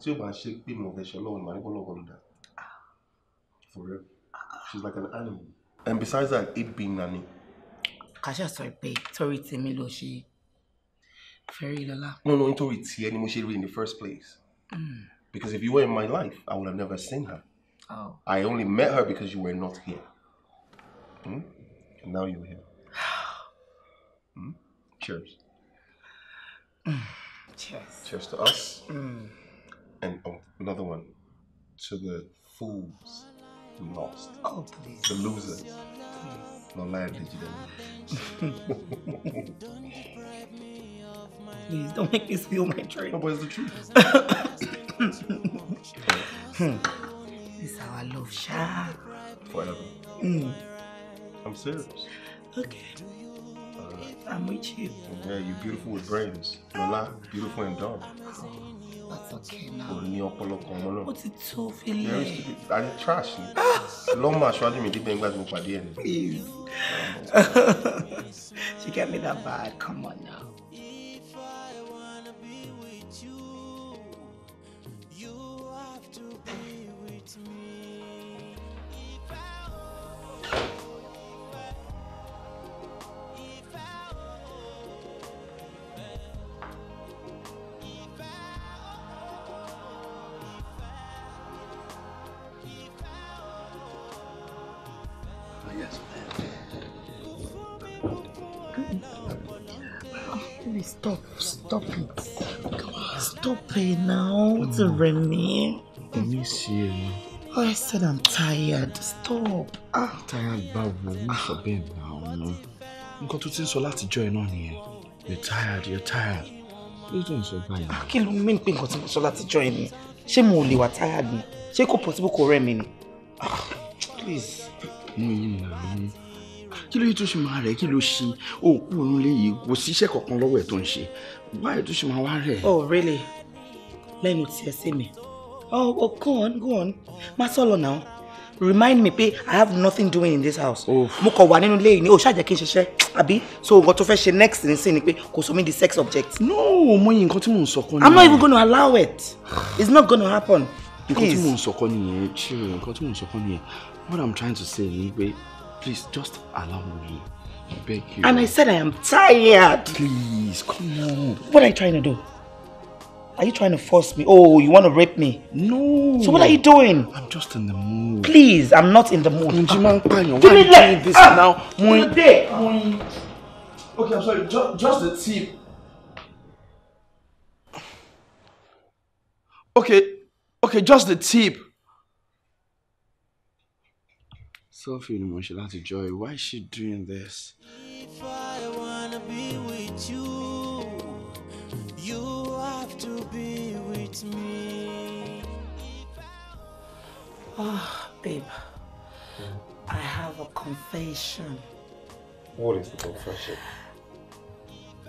tí ó bá ṣe pé mo fẹ́ ṣe ọlọ́run màá ah. for real. She's like an animal. And besides that, it being Nani. Kasha, sorry, babe. Sorry, Temi she. Very lala. No, no, into it here anymore, she in the first place. Hmm. Because if you were in my life, I would have never seen her. Oh. I only met her because you were not here. Hmm? And now you're here. hmm? Cheers. Mm. Cheers. Cheers to us. Mm. And oh, another one to the fools lost. Oh, please. The losers. Please. No lie, did you? please don't make me feel my train. No, but it's the truth. this is how I love Sha. Forever. Mm. I'm serious. Okay. I'm with you. Yeah, you're beautiful with brains. Lola, beautiful and dumb. that's okay now. What's it kan mọ́ náà. Ó ti tó fílẹ̀. Very stupid. Are you trash ni? Lọ́mọ aṣáájú mi dídẹ́ nígbà tí mo pàdé ẹ̀ ni. Please. She get me that bad. Come on now. to be with me. pay now. What's a mm. Remy? I miss you. Oh, I said I'm tired. Stop. Ah. Tired, Babu. Ah. For being now. You got ti ń sọ láti jọ on here. You're tired, you're tired. Please don't sọ báyìí. Ah, kí ló mí pé nǹkan tí mo sọ láti jọ ẹ̀ ni? Ṣé mo tired She could possibly possible me. rẹ̀ ah, Please. Mo yí ìlànà kí ló yẹ tó ṣe máa rẹ̀ kí ló ṣe òkú òun léyìí kò síṣẹ́ kankan lọ́wọ́ ẹ̀ tó ń ṣe why tó ṣe máa wá rẹ̀. oh really lẹ́nu tiẹ̀ sí mi. Oh, oh, go on, go on. Má sọ̀rọ̀ náà. Remind me pé I have nothing doing in this house. Mo kàn wà nínú ilé yìí ni o ṣàjẹ́ kí n ṣiṣẹ́ àbí so nǹkan tó fẹ́ ṣe next ní sí ni pé kò sọ mí di sex object. No, mo yin nǹkan tí mò ń sọ kọ́ I'm not even gonna allow it. It's not gonna happen. Nǹkan tí mò ń sọ nìyẹn, chill, nǹkan tí mò ń sọ nìyẹn. What I'm trying to say ni pé please just allow me. I beg you. And I said I am tired. Please, come on. What are you trying to do? Are you trying to force me? Oh, you want to rape me? No. So what are you doing? I'm just in the mood. Please, I'm not in the mood. Njima, ah. Give like, this ah. now. Moi. Okay, I'm sorry. Just, just the tip. Okay, okay, just the tip. Sophie Moshilati Joy, why is she doing this? If I wanna be with you to be with me. Ah, oh, babe. I have a confession. What is the confession?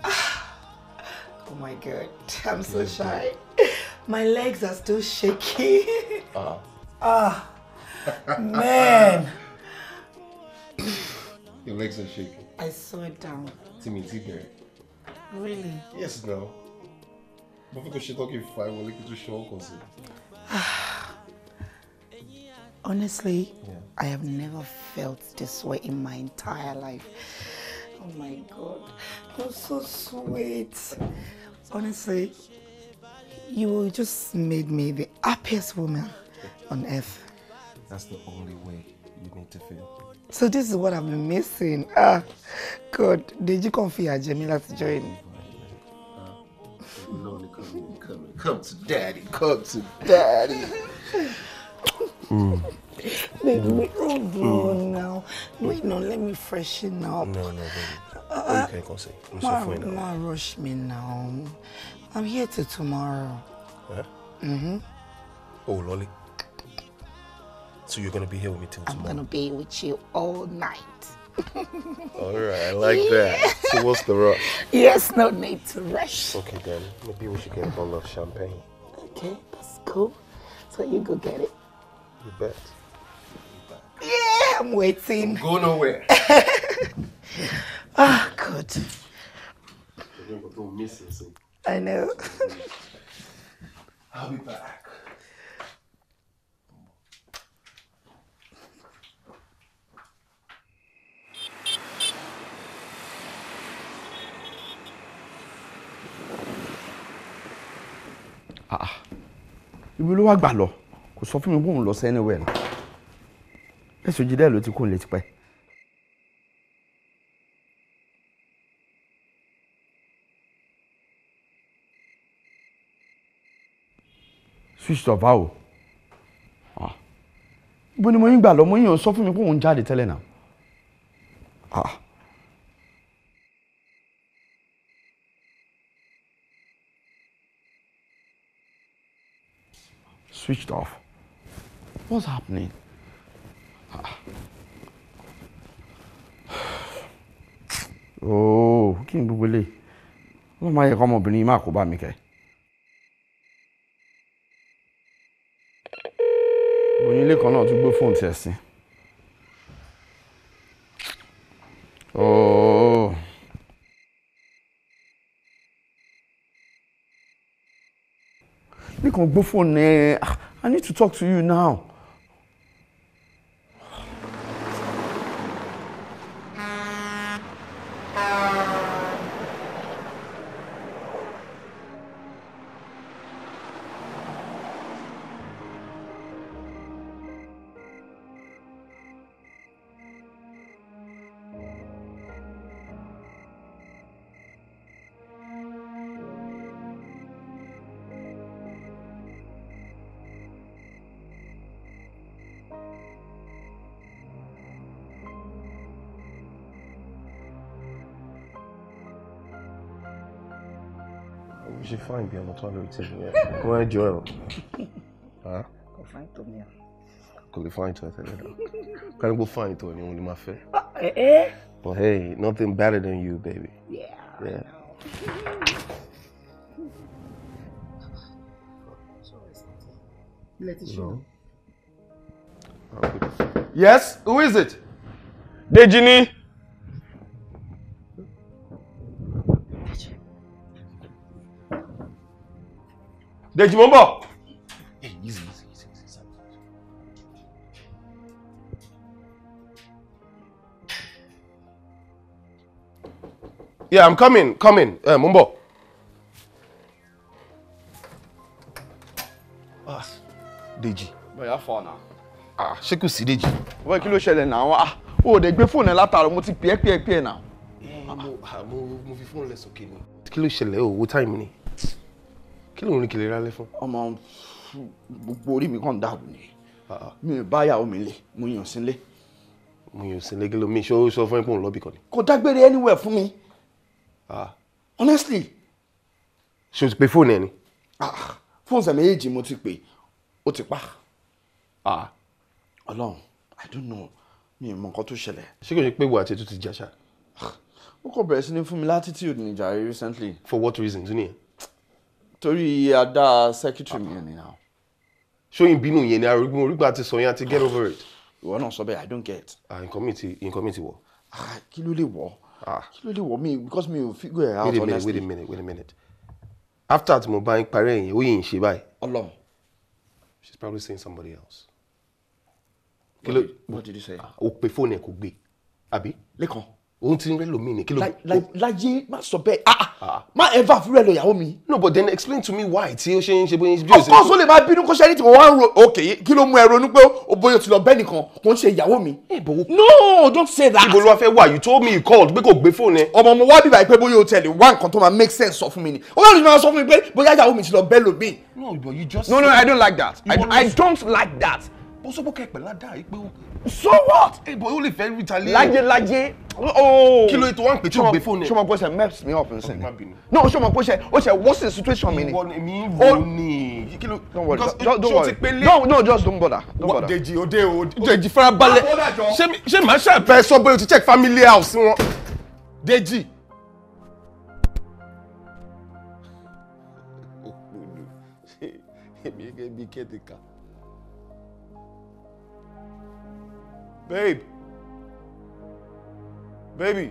Ah, oh my god, I'm so shy. My legs are still shaky. Ah. Ah. Man. Your legs are shaky. I saw it down. Timmy, Really? Yes, girl. mo fẹ́ kó ṣe tọ́kì fa ìwọlé kí tó ṣe ọkọ̀ Honestly, yeah. I have never felt this way in my entire life. Oh my God, you're so sweet. Honestly, you just made me the happiest woman on earth. That's the only way you need to feel. So this is what I've been missing. Ah, God, did you come for your Jamila to join? lonely, come here, come here. Come to daddy, come to daddy. Mm. Wait, wait, hold on now. Wait, no, let me freshen up. No, no, baby. Uh, you uh, can go say. I'm so fine now. Ma, rush me now. I'm here till tomorrow. Huh? Mm-hmm. Oh, lolly. So you're gonna be here with me till tomorrow? I'm gonna be with you all night. All right, I like yeah. that. So what's the rush? Yes, no need to rush. Okay then, maybe we should get a bottle of champagne. Okay, that's cool. So you go get it. You bet. You bet. Yeah, I'm waiting. go nowhere. Ah, oh, good. I know. I'll be back. Ah, ah. ibi ló wá gbà lọ kò sọ fún mi bóun lọ sẹ́ni wẹ̀ ni ẹ̀sùn jídẹ́ ló ti kún létí pẹ́. switch to vow ah. ibo ni mo yín gbà lọ mo yín sọ fún mi pé òun jáde tẹ́lẹ̀ náà. switched off. What's happening? Oh, kí n gbogbo ilé wọ́n máa yẹ kọ́ ọmọbìnrin yìí máa kó bá mi kẹ́. òyìnlé kan náà tún gbé fóònù tiẹ̀ sí gbófò eh, ah, i need to talk to you now. bí ọmọ tó ń lórí tèmi yẹn wọ́n ẹ jọ ẹ o. kò fáìn tó mi à. kò lè fáìn tó ẹ tẹ́lẹ̀ náà kárí but hey nothing better than you baby. Yeah. yeah. No. Yes, who is it? Dejini. Deji mo ń bọ̀. Yeah, I'm coming, coming. Eh, mo ń bọ̀. Dèjì. Bóyá fọ̀ náà. Ah, ṣé kò sí Dèjì? Bóyá kí ló ṣẹlẹ̀ náà wá? Ah, o ò dẹ̀ gbé fóònù ẹ̀ látara, mo ti pè é pè é pè é náà. Eh, ah, mo fi fóònù lẹ̀ sókè ni. Kí ló ṣẹlẹ̀ o? Wo táìmù ni? kí ló ń rìn kiri rálẹ̀ fún. ọmọ gbogbo orí mi kàn dàrú ni mi ò bá yàwó mi lé mo yàn sílé. mo yàn sílé kí ló mi ṣó sọ fún ipò ńlọ́bì kan ni. kò dágbére anywhere fún mi ah. honestly. ṣé o ti pe fóònù ẹ ni. Ah, fóònù sẹ̀ méjì mo ti pè ó ti pa. Ah. ọlọ́run i don't know mi ò mọ nǹkan tó ṣẹlẹ̀. ṣé kò ṣe pé ìwà àti ètò ti jà ṣá. ó kò bẹ̀rẹ̀ sí ní fún mi latitude ní ìjà recently. for what reason tún nìyẹn torí ada secretary mi ni now. ṣóyìn bínú yẹn ni arúgbó orígbà ti sọ yẹn àti get over it. ìwọ náà sọ bẹ́ẹ̀ i don't get. Ah, nǹkan mi ti nǹkan mi ti wọ. Ah, kí ló lè wọ ah. kí ló lè wọ mi because mi ò figure it out wait honestly. wait a minute wait a minute wait a minute after tí mo bá ń parí ẹ̀yìn ó yìn ṣe báyìí. Ọlọ́run. she's probably seeing somebody else. kí ló what did you say. o pe fóònù ẹ kò gbé àbí. lẹ́kàn òun ti ń rẹ lomi ni kí ló. láyé sọ bẹ́ẹ̀ ah, ah. ah má ẹ̀fà fúnra ẹ̀ lọ ìyàwó mi. no but then explain to me why tí ó ṣe ń ṣe bóyá bí o ṣe. of course ó lè máa bínú kó ṣe anything wọ́n á ń ro ok kí ló mú ẹ ronú pé o bóyá o ti lọ bẹ́ẹ̀ nìkan kò ń ṣe ìyàwó mi. Eh, no don't say that. ibo ló wá fẹ́ wà you told me you called pé kò gbé fóònù ẹ. ọmọ mo wá bíbá pé bóyá o tẹ̀lé wá nǹkan tó máa make sense sọ fún mi ni ó bá lè sọ fún mi pé bóyá ìyàwó mi ti lọ bẹ́ẹ̀ lómi. no but you just. no no I don't like that I don't like that ó sọ pé kẹpẹ ládàá yìí pé ó. so what. ibo ó lè fẹ́ retaliate. láyé láyé ooo. Oh. Oh. kí ló ètò wọn pè tí o gbé fóònù ẹ. sọmọ gbọ́sẹ̀ meps mi ọ̀fìn sí ni. no sọmọ gbọ́sẹ̀ o ṣe the situation mi ni. ìwọ mi ń wò ni. don't worry don't, worry no no just don't bother. don't bother. Deji ode o Deji farabalẹ̀ ṣé màá ṣàbẹ̀ sọ bóyá o ti check family house wọn Deji. èmi gẹ́gẹ́ bí kẹ́tìkà. Babe. Baby.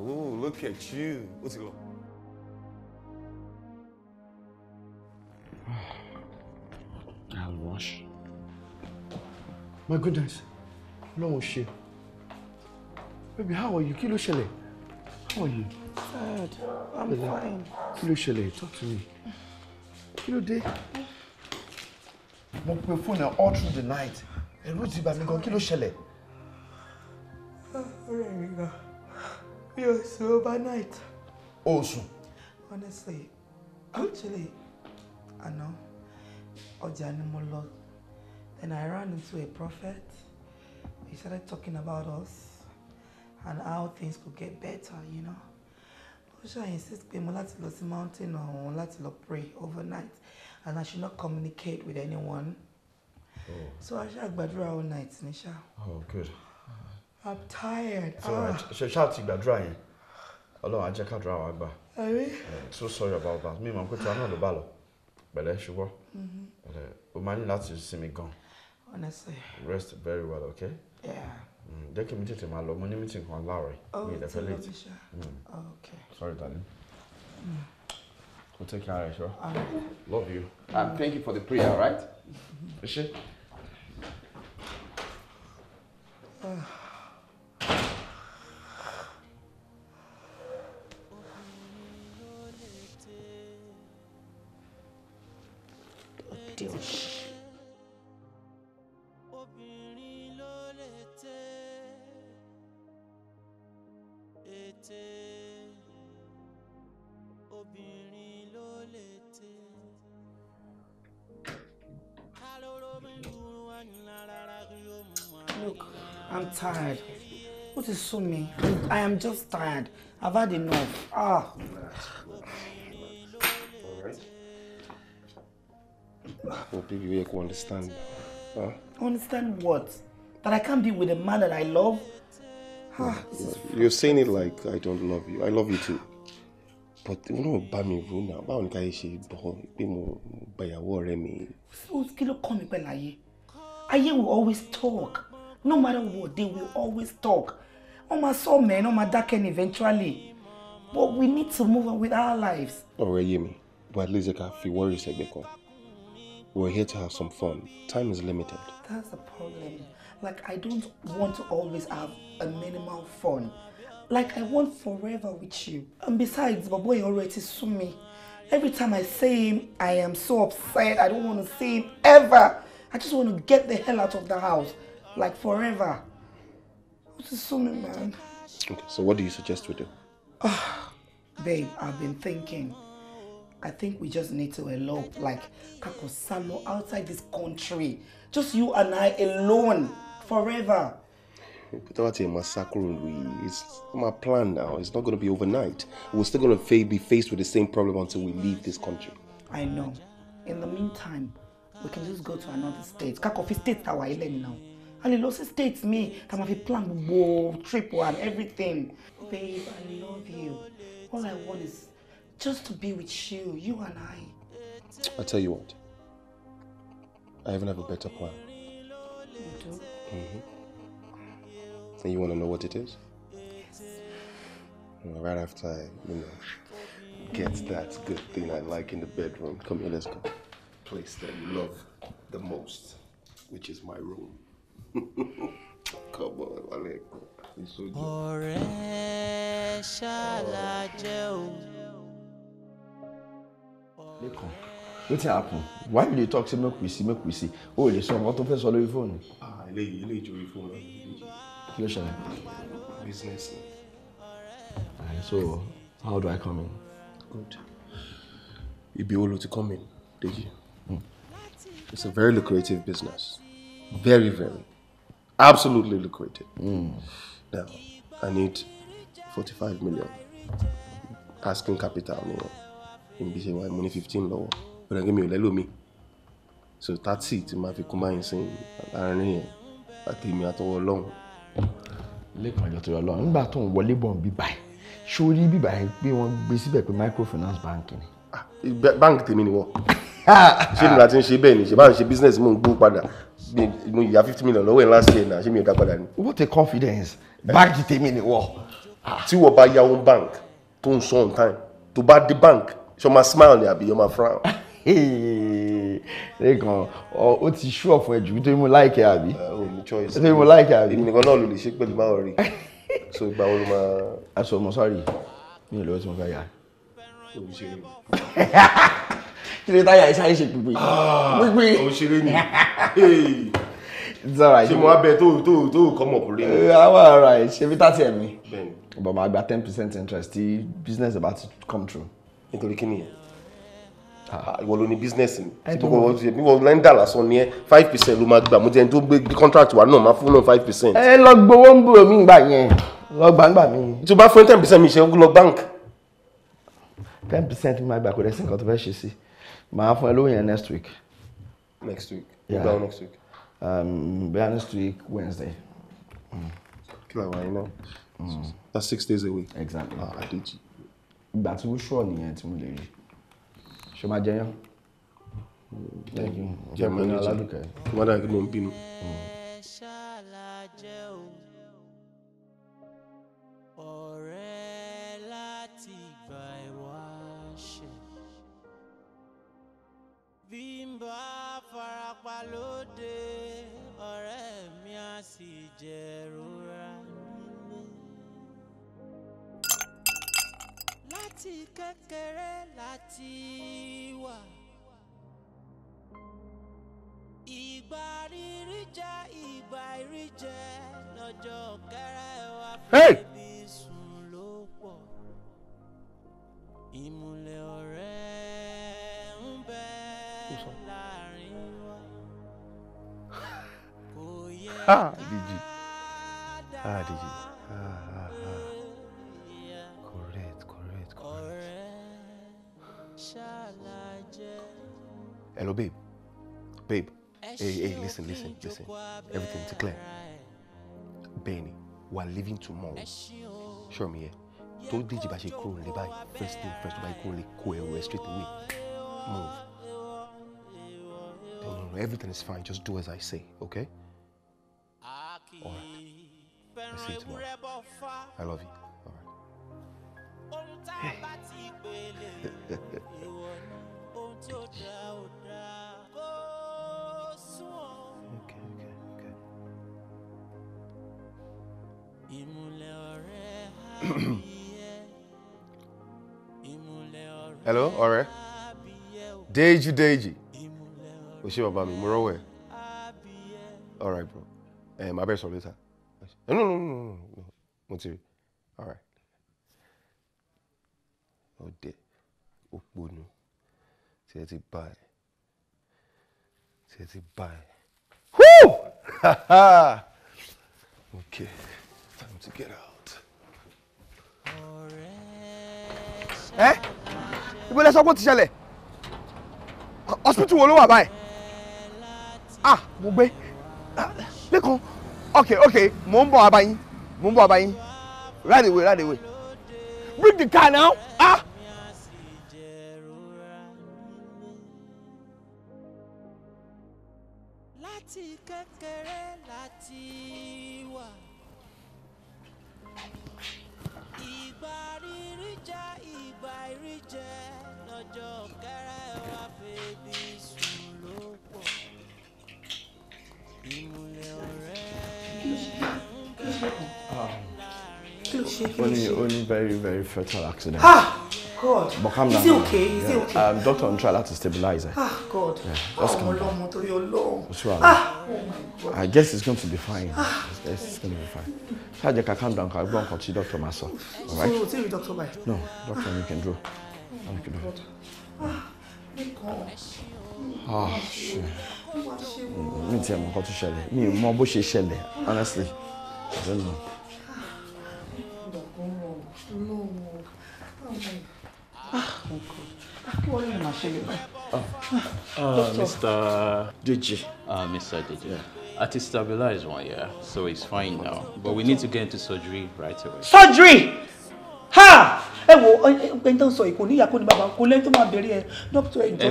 Oh, look at you. What's it going? I'll wash. My goodness. No, she. Baby, how are you? Kí ló How are you? Dad, I'm Bella, fine. Kilo ló Talk to me. Kí ló dé? on the phone all through the night. I ti bà mí gan. Kí ló ṣẹlẹ̀? Ah, ọ̀rẹ́ mi gan. Mi ò sùn overnight. O sùn. Honestly, actually, àná ọjà ni mo lọ. Then I ran into a prophet. He started talking about us and how things could get better, you know ó ṣáà insist pé mo láti lọ sí mountain ọ̀hún láti lọ pray overnight and I should not communicate with anyone. Oh. So I ṣáà gbàdúrà all night ní ṣá. Oh good. I'm tired. Ah. Ṣé ṣáà ti gbàdúrà yẹn? Ọlọ́run á jẹ́ kádùrà wa gbà. Eh, so sorry about that. Mi mọ̀ pé tiwa náà ló bá lọ. Pẹ̀lẹ́ ṣùgbọ́n. Mm-hmm. Eh, o máa ní láti sinmi gan. Honestly. Rest very well, okay? Yeah. Mm, jẹ́ kí mi tètè máa lọ mo ní meeting kan láàárọ̀ mi ì lẹ́fẹ́ oh, late mm. oh, sorry darling mm. go take care of yourself sure. love you and thank you for the prayer right. Mm -hmm. tired. What is so me? I am just tired. I've had enough. Ah. Alright. Well, baby, you can understand. Huh? Understand what? That I can't be with a man that I love? Ah, no, no. You're saying it like I don't love you. I love you too. but you know, bá mi rú náà báwo ni káyé ṣe bọ̀ pé mo gbàyàwó ọ̀rẹ́ mi. kí ló kọ́ mi pẹ̀lú ayé will always talk No matter what, they will always talk. my soul man, oh my darken eventually. But we need to move on with our lives. Alright, Yemi. But at least I can feel worries like We're here to have some fun. Time is limited. That's the problem. Like, I don't want to always have a minimal fun. Like, I want forever with you. And besides, boy already saw me. Every time I see him, I am so upset. I don't want to see him ever. I just want to get the hell out of the house like forever. What is assuming, man? Okay, so what do you suggest we do? Oh, babe, I've been thinking. I think we just need to elope, like Kakosalo, outside this country. Just you and I alone, forever. It's my plan now. It's not going to be overnight. We're still going to be faced with the same problem until we leave this country. I know. In the meantime, we can just go to another state. Kakofi state, Tawaile now and he also states me that I've planned gbogbo triple, and everything. Babe, I love you. All I want is just to be with you, you and I. I tell you what, I even have a better plan. You do? Mm -hmm. And you want to know what it is? Yes. right after I, you know, get that good thing I like in the bedroom, come here, let's go. Place that you love the most, which is my room. Come on, Wale. It's so good. Ọ̀rẹ́ ṣàlàjẹ́ o. Lẹ́kàn, wetin happen? Why you dey talk say make we see make we see? O ò lè sọ ọmọ tó fẹ́ sọ lórí fóònù. Ah, eléyìí eléyìí jórí fóònù. Kí ló ṣẹlẹ̀? Business ni. So, how do I come in? Good. Ibi wo ló ti come in, Deji? Mm. It's a very lucrative business. Very, very absolutely liquidated. Mm. Now, I need 45 million. Asking capital In n bí ṣe wà mo ní fifteen lọ́wọ́ ọ̀rẹ́ gẹ́mi ò lẹ́lòmí so thirty tí máa fi kún báyìí sìn láàrin I think àtọwọ́ ọlọ́run. lẹ́kàn àjọ tó yọ lọ́run nígbà tó ń wọlé bọ̀ bíbà ẹ̀ sórí bíbà Be pé wọ́n gbé síbẹ̀ pé microfinance bank ni. Ah, báńkì tèmi ni wọ́n ṣé nígbà tí ń She bẹ́ẹ̀ She ṣe bá ń ṣe business mò ń gbó padà mo yà fifty million lọ́wọ́ last year náà ṣé mi ò dá padà ni. what a confidence báńkì tèmi ni wọ. Ah. tí wọ́n bá yáwó bank tó ń sọ on time to bá dé bank so máa smile ni àbí yọ máa frown. lẹ́ẹ̀kan ó ti ṣú ọ̀fun ẹ̀jú nítorí mo láìkẹ́ àbí. Eh, nítorí mo láìkẹ́ àbí. èmi nìkan náà ló lè ṣe pẹ̀lú máa rí so ìgbà wo ló máa. aṣọ mo sorry. mi ò lọ́wọ́ tí mo fẹ́ yà. kílé táyà ẹ ṣáà ń ṣe pípé. pípé ah, òṣèré ni ṣe mo abẹ tó tó tó come up rẹ. àwọn ará ẹ ṣe bí tàtí ẹ mi but máa gba ten percent interest tí business about to come through. nítorí kí nìyẹn ah, ìwọ ló ní business ni bí wọn lẹ́ń dà lásán ni ẹ five percent ló máa gbà mo jẹ́ ní tó gbé contract wa náà máa fún náà five percent. ẹ lọ gbowó ń bò mí gbà yẹn lọ gbà ń gbà mí. tí o bá fún ten percent mi ṣe lọ bank. ten percent máa gbà kó dẹ́sìn kan tó fẹ́ ṣe sí i màá fún ẹ lóyún yẹn next week. next week yeah. gbàgbọ́ next week. Um, next week Wednesday. Mm. kí ló wà yín náà that's six days away. exactly ah adeji. ìgbà tí wọ́n ṣọ̀ nìyẹn tí mo lè rí ṣe máa jẹyàn. Mm. thank you jẹ́ mọ́ ní jẹ́ mọ́ dáa kí ló ń bínú. Mm. first thing first, By call it we straight away. Move. No, no, no, everything is fine. Just do as I say, okay? All right. I'll see you tomorrow. I love you. All right. okay, okay, okay. hello ọ̀rẹ́ Deji Deji o ṣe bàbá mi mo rọ́wọ́ ẹ̀ all right bro ẹ̀ máa bẹ̀rẹ̀ sọ later no no no no no mo ti rí all right ọ̀dẹ̀ òpònú tí ẹ ti bá ẹ tí ẹ ti bá ẹ woo okay time to get out. ẹ. Eh? ibo lẹ sọ pé ti ṣẹlẹ̀ hospital wo ló wà báyìí ah mo gbé ah, lẹ́kọ̀ọ́ ok ok mò ń bọ̀ abayín mò ń bọ̀ abayín right away right away bring the car now ah. láti kékeré láti gba ìríjẹ wá ọ̀rẹ́ ah. very very fatal accident. God. But calm down. Is he okay? Is yeah. he okay? Um, doctor I'm trying to stabilize. Ah, God. Yeah. Just ah, calm down. torí Ọlọ́run. Sure. Ah, oh my God. I guess it's going to be fine. Ah. I it's going to be fine. Ṣá jẹ́ ká calm down ká gbọ́ nǹkan tí doctor máa All right? So, tí rí doctor báyìí? No, doctor ah, ah, mi kìí dúró. Mi kìí dúró. Ah, ṣe. Mi tiẹ̀ mọ̀ nǹkan tó ṣẹlẹ̀. Mi ò mọ bó ṣe ṣẹlẹ̀, honestly. I don't know. No, no. Oh my God kí wọ́n lè máa ṣẹlẹ̀ báyìí. Mr. Deji. ah, Mr. Deji. Yeah. I to stabilize one, yeah. So it's fine now. But we need to get into surgery right away. Surgery? Ha! Eh, wo ẹni tó ń sọ èkó níyà kó ní bàbá kó lẹ́yìn tó máa bẹ̀rẹ̀ ẹ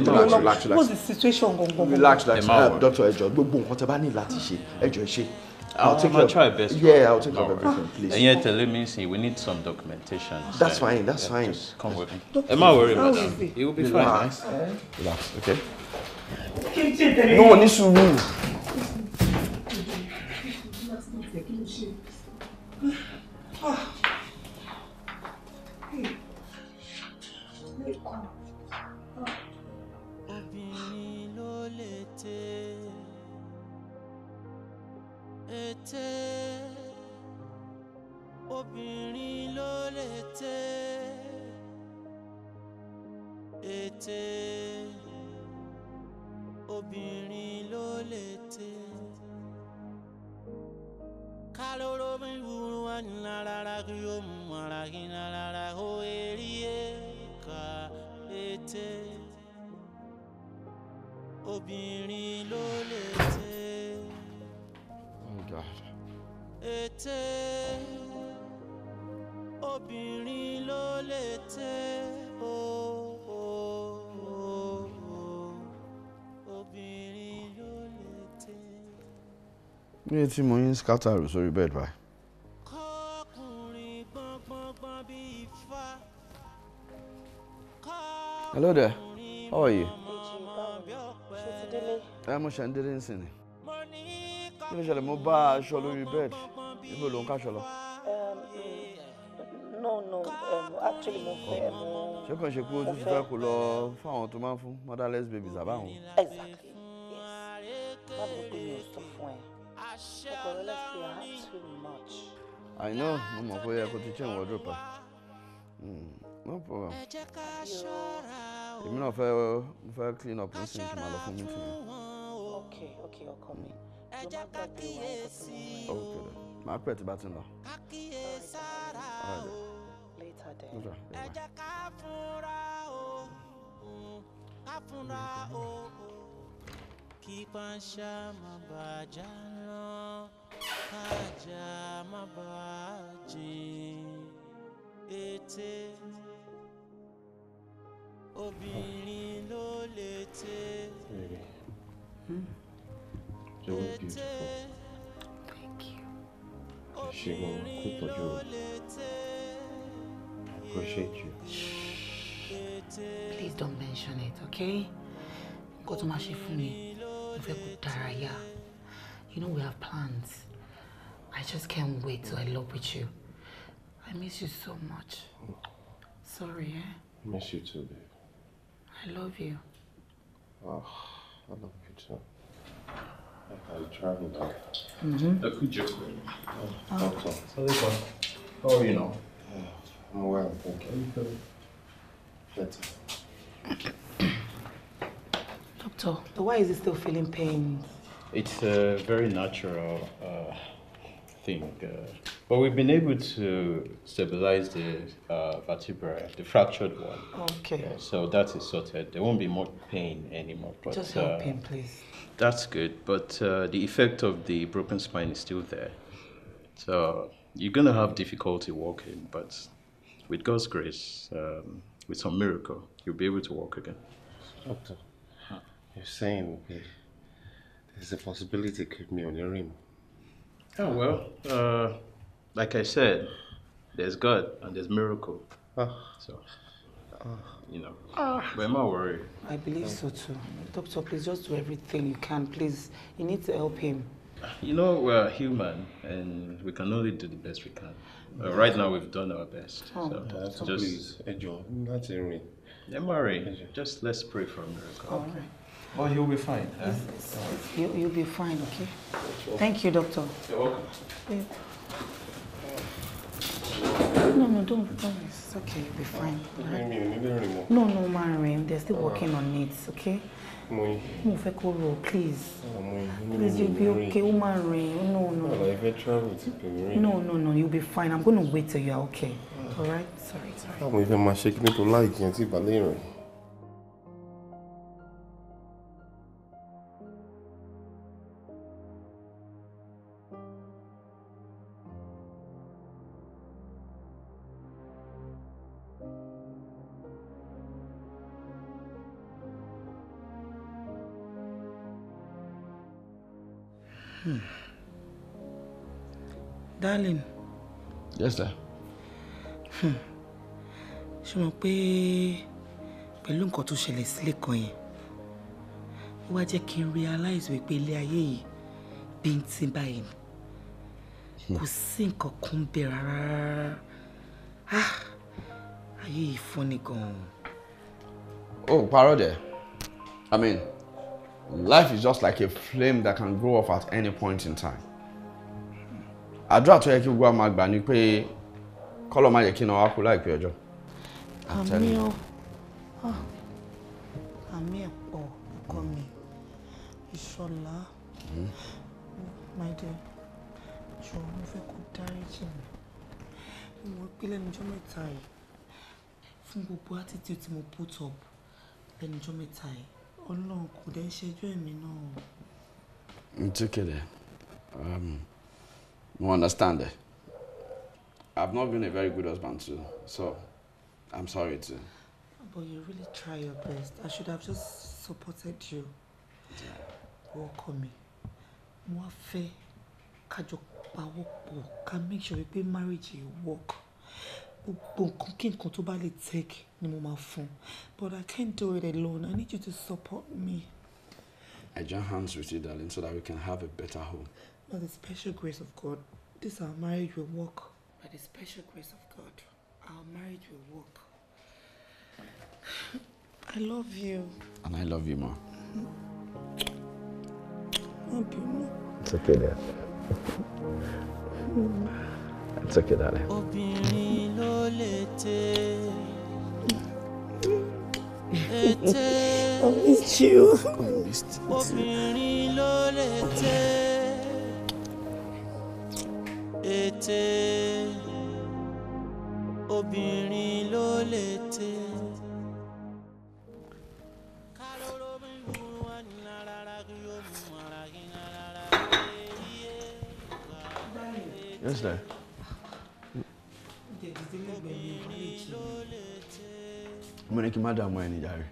relax. ẹjọ́ tó what's the situation gangan. relax relax eh, Doctor, ẹjọ́ gbogbo nǹkan whatever bá ní she ṣe she. I'll, I'll uh, take I'll try best. Yeah, I'll take care of everything, please. And yet, let me see. We need some documentation. That's fine. That's fine. come with me. Am I worried about that? It will be fine. Relax. Okay. No, one needs to move. retí obìnrin ló retí ètè obìnrin ló retí kaloro mi wuru anyinarara kiyomu arakinarara ho erie ka ètè obìnrin ló retí. God. ètè obìnrin ló lè tẹ o o ní etí mo yín scatter sórí bed báyìí. Hello there. How are you? I'm Shandilin Sini kí ló mo bá aṣọ lórí bẹ́ẹ̀dì níbo ló ń káṣọ lọ. Um, mm, no no um, actually mo fẹ́ mo. ṣé kàn ṣe pé ojú ti fẹ́ lọ fún àwọn tó máa ń fún motherless babies àbáwọn. I know mo mọ̀ pé ẹ kò ti change wardrobe ah no problem èmi náà fẹ́ fẹ́ clean up nísìnyí kí n máa lọ fún meeting. okay okay ẹ jẹ́ ká kíyèsí o. màá pẹ̀ tí bá ti lọ. ká o. ẹ jẹ́ ká o. ká o. kí panṣá má bàjá lọ. kájà má bàjẹ́ ètè obìnrin ló lè tẹ́. You look beautiful. Thank you. Ṣé mo kó tọ́jú o? I appreciate you. Please don't mention it, okay? Nǹkan tó máa ṣe fún mi, mo fẹ́ kó dára You know we have plans. I just can't wait to elope with you. I miss you so much. Sorry, eh? I miss you too, babe. I love you. Oh, I love you too. I The mm-hmm. oh, oh, So this one. Oh, you I'm Better. Doctor, why is he still feeling pain? It's uh, very natural. Uh, thing. Uh, but we've been able to stabilize the uh, vertebra, the fractured one. Okay. Yeah, so that is sorted. There won't be more pain anymore. But, Just help uh, him, please. That's good, but the effect of the broken spine is still there. So you're going to have difficulty walking, but with God's grace, um, with some miracle, you'll be able to walk again. Doctor, you're saying okay, there's a possibility to keep me on your rim. Oh well, uh, like I said, there's God and there's miracle. Ah. So, ah. you know, ah. But we're not worried. I believe so too. Doctor, please just do everything you can. Please, you need to help him. You know, we're human and we can only do the best we can. Uh, right now, we've done our best. Oh. So, yeah, so just please, Ejo, not worry. Don't worry. Just let's pray for a miracle. okay. Oh, you'll be fine. Eh? You, you'll be fine, okay? Thank you, doctor. You're welcome. Babe. No, no, don't promise. Okay, you'll be fine. Right? No, no, Mariam. They're still working ah. on it, okay? Moi. Mo fẹ́ please. Ah, please, you'll be okay. woman. Rain. Oh, no, no. Well, ah, if I No, no, no. You'll be fine. I'm going to wait till you're okay. All right? Sorry, sorry. Àwọn ìfẹ́ máa ṣe kí ní tó láì kí ẹ darling. yes sir. Hmm. ṣé mo pé pẹ̀lú nǹkan tó ṣẹlẹ̀ sílé kan yẹn ó wá jẹ́ kí n realize wípé ilé ayé yìí bíntín báyìí ni hmm. kò sí nǹkan kan bẹ́ẹ̀ rárá ah ayé yìí fúnni gan-an. oh parọ́ dẹ̀ i mean life is just like a flame that can grow up at any point in time àdúrà tó yẹ kí gbogbo wa máa gbà ni pé kọ́lọ̀ má yẹ kí náà wá kú láìpẹ́ ọjọ́. àmì ọ àmì ẹ̀pọ̀ ọkọ mi ìṣọ̀lá hmm? my dear jọ mo fẹ́ kó dáríjì mi mo pé lẹ́nujọ́ mẹ́ta yìí fún gbogbo attitude tí mo put up lẹ́nujọ́ mẹ́ta yìí ọlọ́run kò dẹ́ ṣẹjọ́ ẹ̀mí náà. n tí You understand? I've not been a very good husband too, so I'm sorry too. But you really try your best. I should have just supported you. Welcome me. Mo wá fẹ́ ká jọ pawọ́pọ̀ ká make sure pé marriage yìí work. Gbogbo nǹkan kí take ni mo But I can't do it alone. I need you to support me. I join hands with you, darling, so that we can have a better home. By the special grace of God, this our marriage will work. By the special grace of God, our marriage will work. I love you. And I love you, Ma. Mm-hmm. Love you, Ma. It's okay, Dad. It's okay, Daddy. I missed you. I missed you lété obìnrin ló lété. Yes, sir. mo ní kí n má dààmú ẹni jàre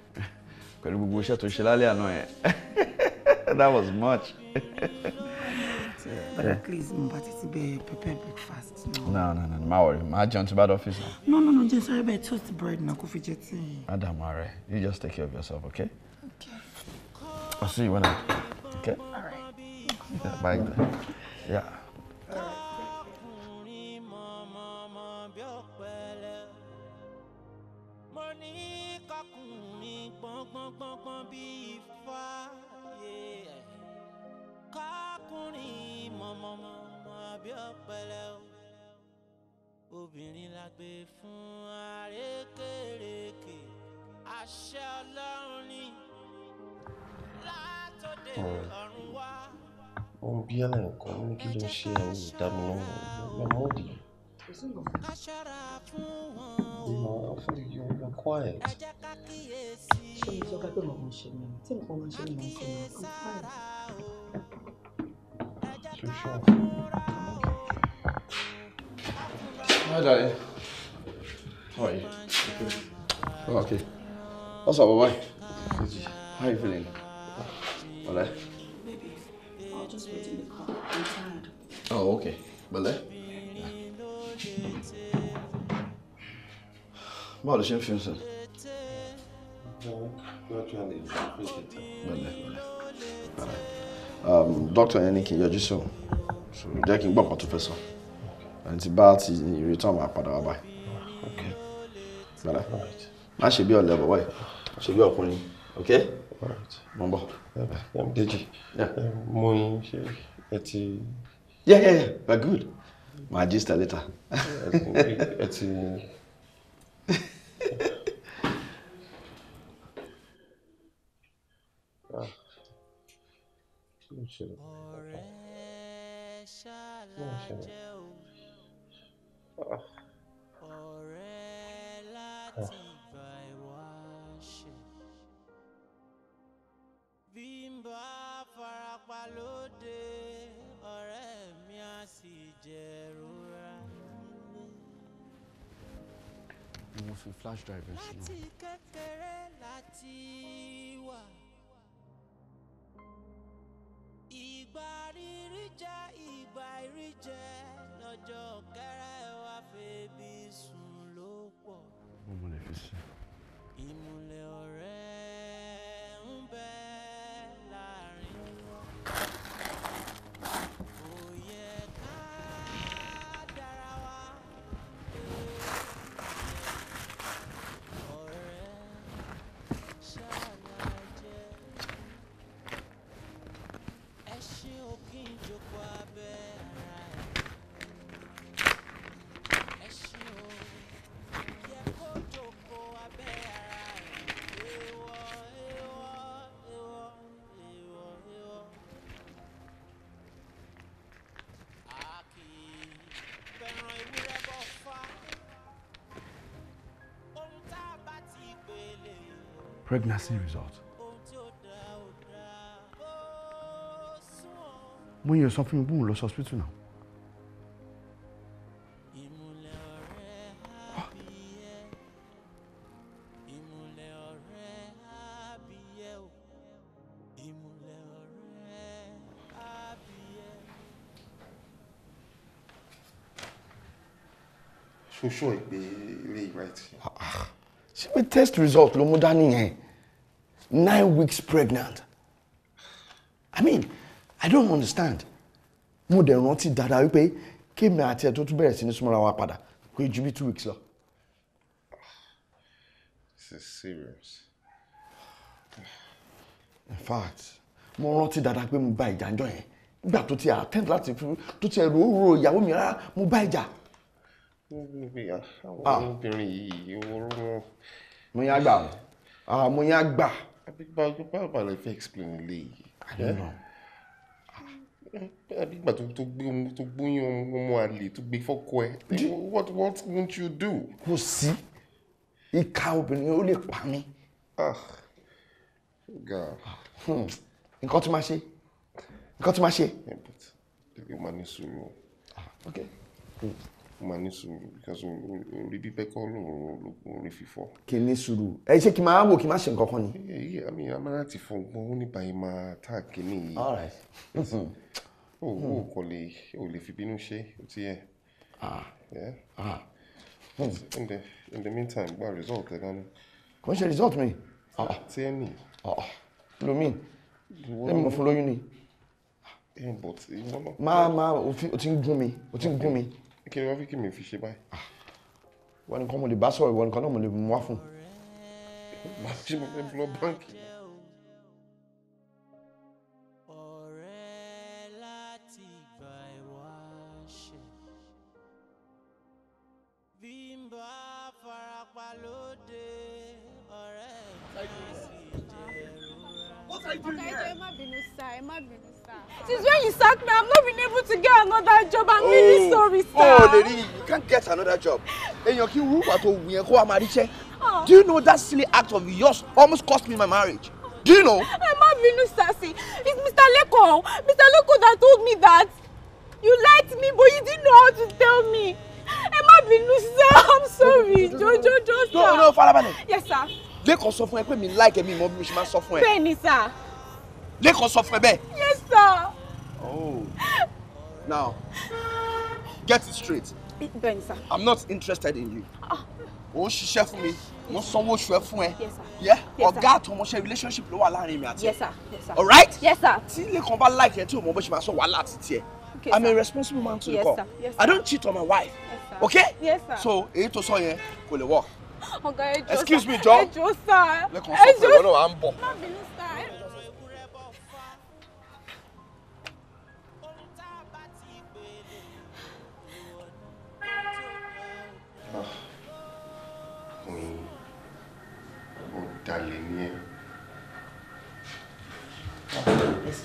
pẹ̀lú gbogbo iṣẹ́ tó ṣe lálẹ́ àná yẹn that was much. mo bá ti ti bẹ prepare breakfast. no no no no wọrí má jẹun tí bá dọ̀ ọ́fíìsì. no no no jẹ́ sáré bẹ́ẹ̀ toast bread náà kó fi jẹ tí. adam are you just take care of yourself okay. okay. I'll see you when I. Okay. All right. Yeah, bye. Yeah. yàgbé fún àrékèrèké àṣẹ ọlọ́run ni látòdè ọ̀run wá. ó bí ẹlẹ́yìn ní kí ló ń ṣe ẹ̀yìn ìdámilọ́wọ́ lọ́mọdé. Mama, for you, you're quiet. Ṣé ìjọba pé màmá ṣe mí? Tí nǹkan máa ṣe mí, màá ṣe mí. I'm fine. Ṣé o ṣọ́? Hi, darling. How Okay. Oh, okay. What's up, Baba? Busy. How are you feeling? Bale? Maybe. I'll just wait the car. I'm tired. Oh, okay. Bale? Yeah. Báwo ló ṣe ń fi ń sìn? Bale, Um, doctor yẹn ní just so. So, sóun. Jẹ́ about Professor àti bá ti return máa padà wá báyìí. gbàdá má ṣe bí ọ̀lẹ́ bọ̀ báyìí ṣe bí ọkùnrin ok mo ń bọ̀. Dèjì mo ń ṣe ẹ ti. yeah yeah yeah we're good my gist later. ẹ ti. Ah. Não, não ọ̀rẹ́ láti gbà mo fi flash drive sí i. láti kékeré láti wà ìgbà rírí jẹ ìgbà ìrí jẹ lọ́jọ́ kẹrẹ wá febi sùn ló pọ̀. mo lè ìmùlẹ̀ ọ̀rẹ́. pregnancy result. mo yẹ sọ fún mi bóun lọ sí hospital náà. ṣoṣo ìpè ilé ìwà ṣé pé test result ló mú dání yẹn nine weeks pregnant i mean i don't understand mo dẹ̀ rántí dáadáa wípé kémi àti ẹ̀ tó tún bẹ̀rẹ̀ sí ní súnmọ́ra wa padà kò ju bí two weeks lọ. this is serious. in fact mo rántí dáadáa pé mo bá ìjà ń jọ yẹn nígbà tó ti attend láti fi tó ti ẹ̀rọ òwúrò ìyàwó mi rárá mo bá ìjà. Ah, àwọn ah. obìnrin yìí ìwòrò wọn. mo yá gbà ah, mo yá gbà àbí báwo la fẹ́ explain ilé yìí. àbí eh? ah, ìgbà tó gbé tó gbóyún ọmọ àlè tó gbé fọ́kọ ẹ what what won't you do. kò sí ìka obìnrin ó lè pa mí. Ah, hmm. nǹkan tí máa ṣe nǹkan tí máa ṣe. ẹ bẹ̀rẹ̀ ẹ máa ní sùúrù. Ah, okay. Good. Hmm mo máa ní sùúrù because orí bíbẹ́ kọ́ lòrùn ológun orí fífọ́. kì í ní sùúrù ẹ ṣé kí n máa wò kí n máa ṣe nǹkan kan ni. iye àmì amára ti fọ ọgbọ́n ó ní báyìí máa tá a kìíní yìí. all oh, oh, hmm. kò lè o lè fi bínú ṣe o ti yẹ. ah, ah. Hmm. in the in the meantime gba result ẹ dání. kò ń ṣe result mi. Ah. ti ẹ nì. lomi ẹ mọ̀ fún lóyún ni. Eh, máa máa o ti ń gún mi o ti gún mi kí ni wọ́n fi kí mi fi ṣe báyìí. wọ́n ní kọ́ mo lè bá sọ̀rọ̀ ìwọ nìkan náà mo lè mú wá fún. màá ṣe mo fẹ́ lọ báńkì. Oh, lady, you can't get another job èèyàn kí wú wà tó wù yẹn kó wa máa ríṣẹ́ do you know that silly act of yours almost cost me my marriage do you know. ẹ má bínú sasi it's Mr. Leko Mr. Leko that told me that you liked me but you didn't know how to tell me ẹ má bínú sir i'm sorry jojo jojo sir. no no farabalẹ̀. yes sir. Leko sọ fún ẹ pé mi like ẹ mi mọ bí mo ṣe máa sọ fún ẹ. bẹ́ẹ̀ni sir. Leko sọ fún ẹ bẹ́ẹ̀. yes sir. oh now. Get it straight. Bẹ́ẹ̀ni sá. I'm not interested in you. Ó ah. ń ṣiṣẹ́ fún mi, mo sanwó oṣù ẹ fún ẹ. Yes sir. Ọ̀gá àtọmọṣẹ́ relationship ló wà láàrin mi àti ẹ. Yes sir. Yes sir. Alright? Yes sir. Tí ilé kan bá láìkì ẹ tí o mọ bó ṣe máa sọ wàhálà àti tiẹ̀. Okay, I'm sir. a responsible man to yes, the core. Yes, sir. I don't cheat on my wife. Yes, sir. Okay? Yes, sir. So, èyí tó sọ yẹn kò lè work. Ọ̀gá ẹjọ́ sá. Excuse me, John. Ẹjọ́ sá. Lẹ́kọ̀ọ́ sọ pé ìwọ náà à ń bọ̀. Má bínú sá.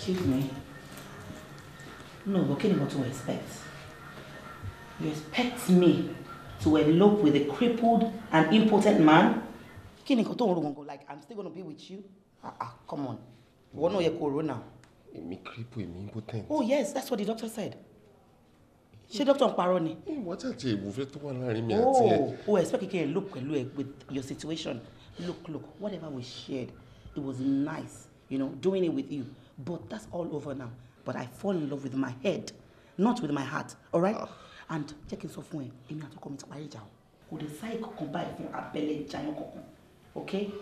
Excuse me. No, but can you what to expect? You expect me to elope with a crippled and impotent man? Kí ni nǹkan tó like I'm still gonna be with you? Ah ah, come on. Ìwọ náà yẹ kó ro now. Èmi cripple, èmi impotent. Oh yes, that's what the doctor said. She doctor ń parọ́ ni? Ìwọ tàti ìbùfẹ́ tó wà láàrin mi àti oh, oh, I expect kékeré look pẹ̀lú with your situation. Look, look, whatever we shared, it was nice, you know, doing it with you. But that's all over now. But I fall in love with my head, not with my heart. All right? Oh. And jẹ́ kí n sọ fún ẹ, èmi my ọkọ mi ti parí ìjà o. Kò dé sáì kankan báyìí fún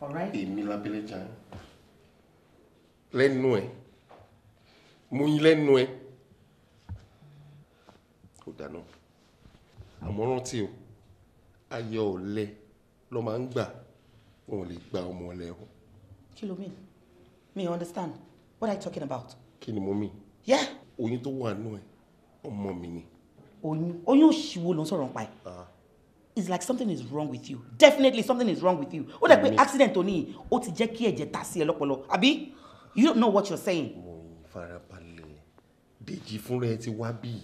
All right? Èmi lábẹ́lé jayan. Lẹ́nu ẹ̀, mo yín lẹ́nu ẹ̀. Kò dáná. Àmọ́ rántí o, ayọ̀ ọ̀lẹ ló máa ń gbà. Wọn ò lè gba ọmọ ọ̀lẹ o. Me understand. What are you talking about? Kí ni mo mi? Yeah. Oyún tó wà nù ẹ, ọmọ mi ni. Oyún oyún òṣìwò ló ń sọ̀rọ̀ nípa ẹ̀. Ah. It's like something is wrong with you. Definitely something is wrong with you. Ó dẹ̀ pé accident tó o ti jẹ́ kí ẹ̀jẹ̀ ta sí ẹ lọ́pọlọ. Àbí? You don't know what you're saying. Mo farabalẹ̀. Dèjì fúnra ẹ ti wá bíi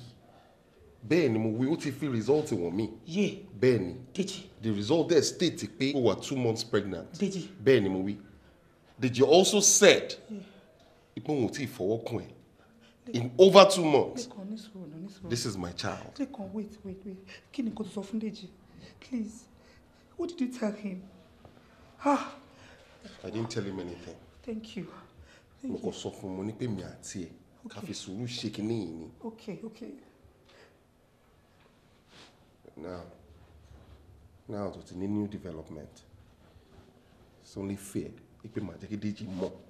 bẹ́ẹ̀ ni mo wí ó ti fi result wọ̀n mi. yé bẹ́ẹ̀ ni Deji the result there state pé o wà two months pregnant. Deji bẹ́ẹ̀ ni mo wí Deji also said yeah ìpín òun ò tí ì fọwọ́ in over two months this is my child. lekan wait wait wait kí ni kò tó sọ fún Deji please what did you tell him. Ah. I didn't tell him anything. Thank you. Mo kàn sọ fún mo ní pé mi àti ẹ̀ ká fi sùúrù ṣe kinní yìí ni. Okay, okay. Now, now tó ti new development. It's only fair. Ipe màá jẹ́ kí Deji mọ̀. Mm -hmm.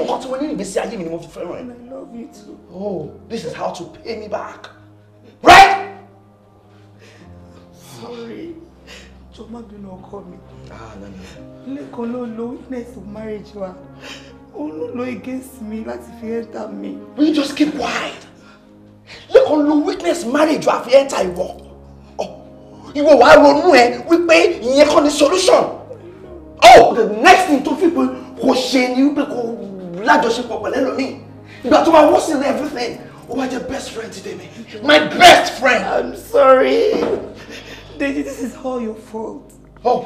mo ní ìgbésí ayé mi ni mo fi fẹ́ràn ẹ. Oh, this is how to pay me back. Right? Sorry. Jọ má bínú ọkọ mi. Ah, no, no. Lẹ́kan ló lo witness of marriage wa. Òun ló lo against me, láti fi enter mi. Will you just keep quiet? Lẹ́kan lo witness marriage wa fi enter ìwọ. Oh, ìwọ wàá ronú ẹ wípé ìyẹn kọ́ ni solution. Oh, the next thing tó fi pé kò ṣe ni wípé kò lájọṣepọ̀ pẹ̀lú ẹlòmíì ìgbà tó máa wọ́n sí ní everything ó máa jẹ best friend today mi my best friend. i'm sorry Deji this is all your fault. oh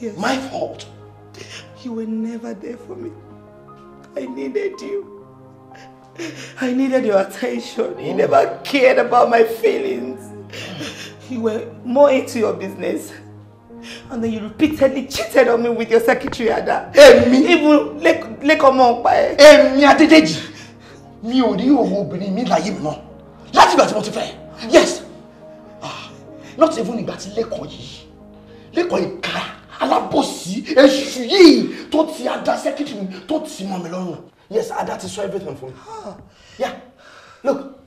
yes. my fault. you were never there for me i needed you. I needed your attention. You never cared about my feelings. You were more into your business and then you repeatedly cheated on me with your secretary ada. èmi even lẹ́kọ̀ọ́mọ́ pa ẹ̀. èmi adédèjì mi ò rí òun obìnrin mi láyé mi mọ́ láti ìgbà tí mo ti fẹ́ yes ah, not even ìgbà tí lẹ́kọ̀ọ́ yìí lẹ́kọ̀ọ́ ìka alábòsí èṣù yìí tó ti ada secretary mi tó ti mọ́ mi lọ́rùn yes ada ti sọ everything for me. Ah. yeah look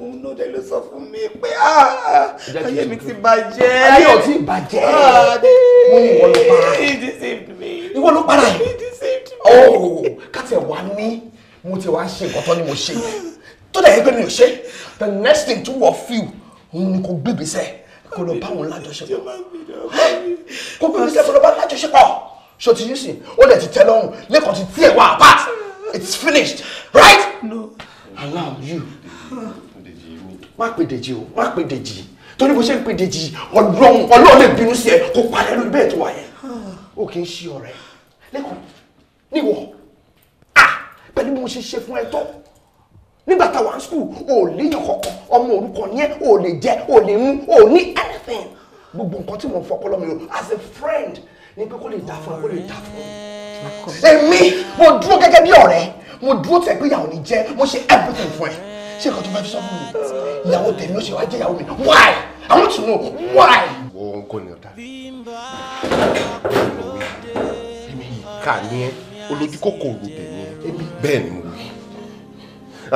òun náà dẹ̀ ló sọ fún mi pé ah, ayé mi ti bàjẹ́ ayé ò tí ì bàjẹ́ ah, mo ní ìwọ ló para ìwọ ló para yìí oh, káti ẹ̀ wá ní mo ti wá ṣe nǹkan tó ni mo ṣe tó dẹ̀ yẹ pé mi ò ṣe the next thing to wọ fíw òun ni kò gbé ìgbésẹ̀ kó lọ bá òun lájọṣepọ̀ kó gbé ìgbésẹ̀ kó lọ bá lájọṣepọ̀ so ti yín sìn ó dẹ̀ ti tẹ́ lọ́rùn lẹ́kọ̀ọ́ ti tiẹ̀ wá apart it's finished right. No allow you. má pè dèjì o má pè dèjì torí bó ṣe ń pè dèjì ọlọ́run ọlọ́run lè bínú sí ẹ kó parẹ́ lórí bẹ́ẹ̀ tó wà yẹn o kì í ṣe ọ̀rẹ́ lẹ́kọ̀ọ́ níwọ̀ pẹ̀lú bí mo ṣe ṣe fún ẹ tó nígbà táwa ń skul o ò léyàn kankan ọmọ orúkọ ni ẹ o ò lè jẹ o ò lè mú o ò ní anything gbogbo nǹkan tí mo ń fọpọlọ mi o as a friend ni pé kó lè dá fún ẹ kó lè dá fún ẹ èmi mo dúró gẹ́gẹ́ bí ọ̀rẹ́ mo dúró tẹ̀ pé ìyàwó ni jẹ́ mo ṣe everything fún ẹ ṣé nǹkan tó fẹ́ fi sọ fún mi ìyàwó tèmi ó ṣe wá jẹ́ ìyàwó mi why I want to know why. wọ́n kò ní ọ̀dà ká ní ẹ olójú kòkòrò tèmi ẹ bẹ́ẹ̀ ni mo wí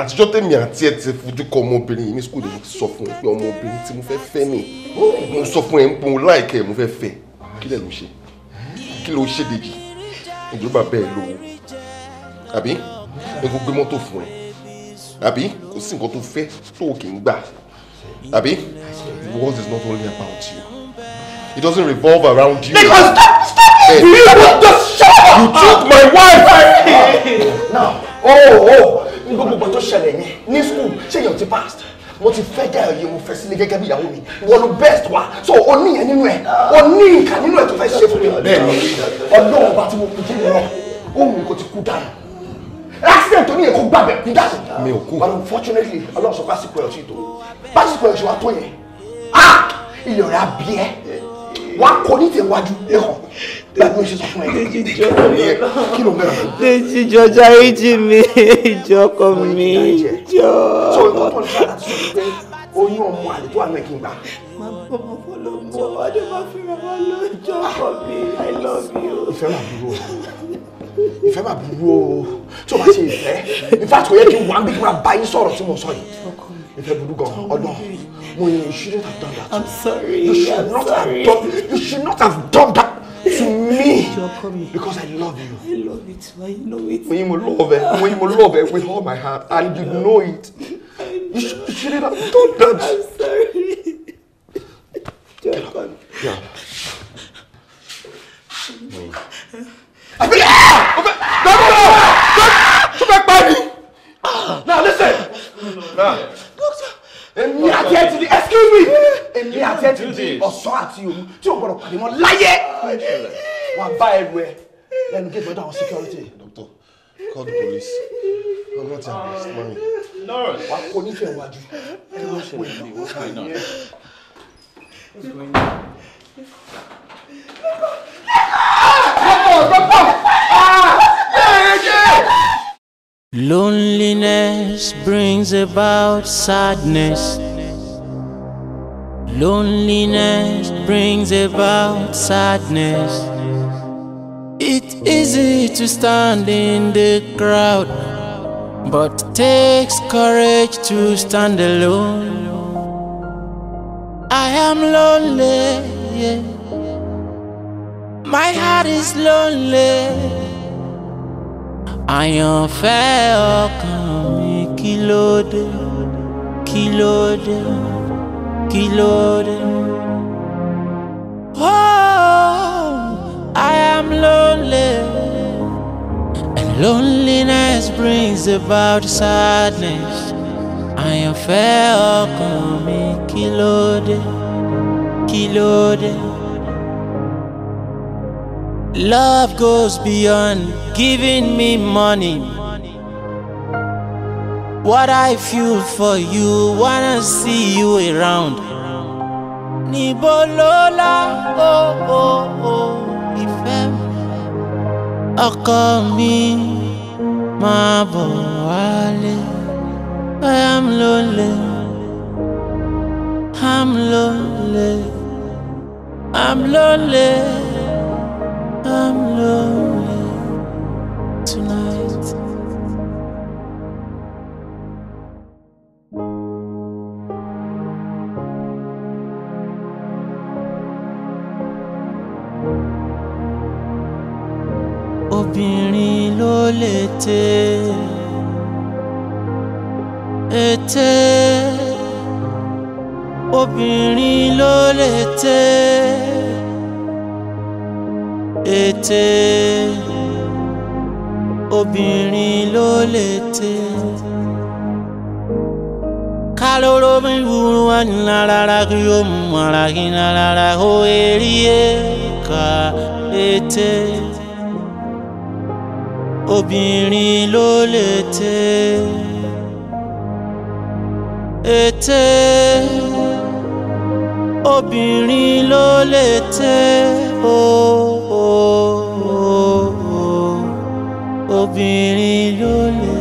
àtijọ́ tèmi àti ẹ ti fojú kọ ọmọbìnrin yìí ní sukùl mo sọ fún ẹ pé ọmọbìnrin tí mo fẹ́ fẹ́ mi mo sọ fún ẹ pé mo láìkẹ́ ẹ mo fẹ́ fẹ́ kí lẹ́ ló ṣe kí ló ṣe dèjì ìjọba bẹ́ẹ̀ lówó àbí ẹ̀kọ́ gbé mọ́tò fún ẹ àbí kò sí nǹkan tó fẹ́ tó o kì í gbà àbí the world is not only about you it doesn't revolve around you. because stop stop it you want just shut up. you took my wife. now oh oh ní gbogbo tó ṣẹlẹ̀ yẹn ní school ṣé èèyàn ti past mo ti fẹ́ dá ẹ̀yẹ mo fẹ́ sílé gẹ́gẹ́ bí ìyàwó mi wọ́n lo best wa so o ní yẹn nínú ẹ̀ o ní nǹkan nínú ẹ̀ tó fẹ́ ṣe fún mi. bẹ́ẹ̀ ni ọlọ́run bá ti wo kú kí ni lọ kò ti kú dànù accident tó ní èkó gbàgbẹ́ kú dànù. mi ò kú. but unfortunately ọlọ́run sọ pásítọ̀ ẹ̀ ọ̀sìn tó pásítọ̀ ẹ̀ ṣe wá tó yẹn ah ilẹ̀ ọ̀rẹ́ abí ẹ wà á kọ ní tẹ̀ wájú ẹ̀ hàn gbàgbé o ṣe sọ fún ẹ. kí ló ń bẹ̀rẹ̀. dèjì jọjà ìjì mi ìjọkọ mi ìjọ. so ìwọ tó ń ṣe àti sọ pé oyún ọmọ àlè tó wà náà kí n gbà. máa bọ́ ọmọ fọlọ́ mọ́ ọdẹ ìfẹ́ máa burú o tí o bá ṣe ìfẹ́ ìfẹ́ àtúkọ̀ yẹ kí n wà ń bí kí n máa bá yín sọ̀rọ̀ tí mo sọ yìí ìfẹ́ burú gan ọdún mo yẹ you shouldn't have done that I'm sorry you should not have done you should not have done that to me because I love you I love you too I know it mo yẹ mo love ẹ mo yẹ mo love ẹ with all my heart and you know it you should shouldn't have done that I'm sorry Jọkọ Yeah àbí gbàgbọ́ tó fẹ́ pa mí. now listen. èmi àti ẹ ti di excuse me èmi àti ẹ ti di ọ̀sán àti òru tí o gbọ́dọ̀ pàdé mọ́ láyé wàá bá ẹrù ẹ lẹ́nu gé ìtọ́jú àwọn security. doctor call the police. I'm not embarrassed, mommy. No. What can you do? What's going on? What's going on? Loneliness brings about sadness. Loneliness brings about sadness. It's easy to stand in the crowd, but takes courage to stand alone. I am lonely. Yeah. My heart is lonely. I am mi kí kilode, kilode, kilode. Oh, I am lonely. And loneliness brings about sadness. I am mi kí kilode, kilode. Love goes beyond giving me money. What I feel for you, wanna see you around. Nibolola, oh, oh, oh, ifem. Ọkọ mi máa bọ̀ wálé. I am lonely. I'm lonely. I'm lonely. I'm lonely tonight. Obìnrin ló lè tẹ́ ètè obìnrin ló lè tẹ́ ètè obìnrin ló lè tè. Kaloro mi wuru wani larara kiyo mu ara kina lara ho eri eka ètè obìnrin ló lè tè. ètè obìnrin ló lè tẹ́ o obìnrin ló lè.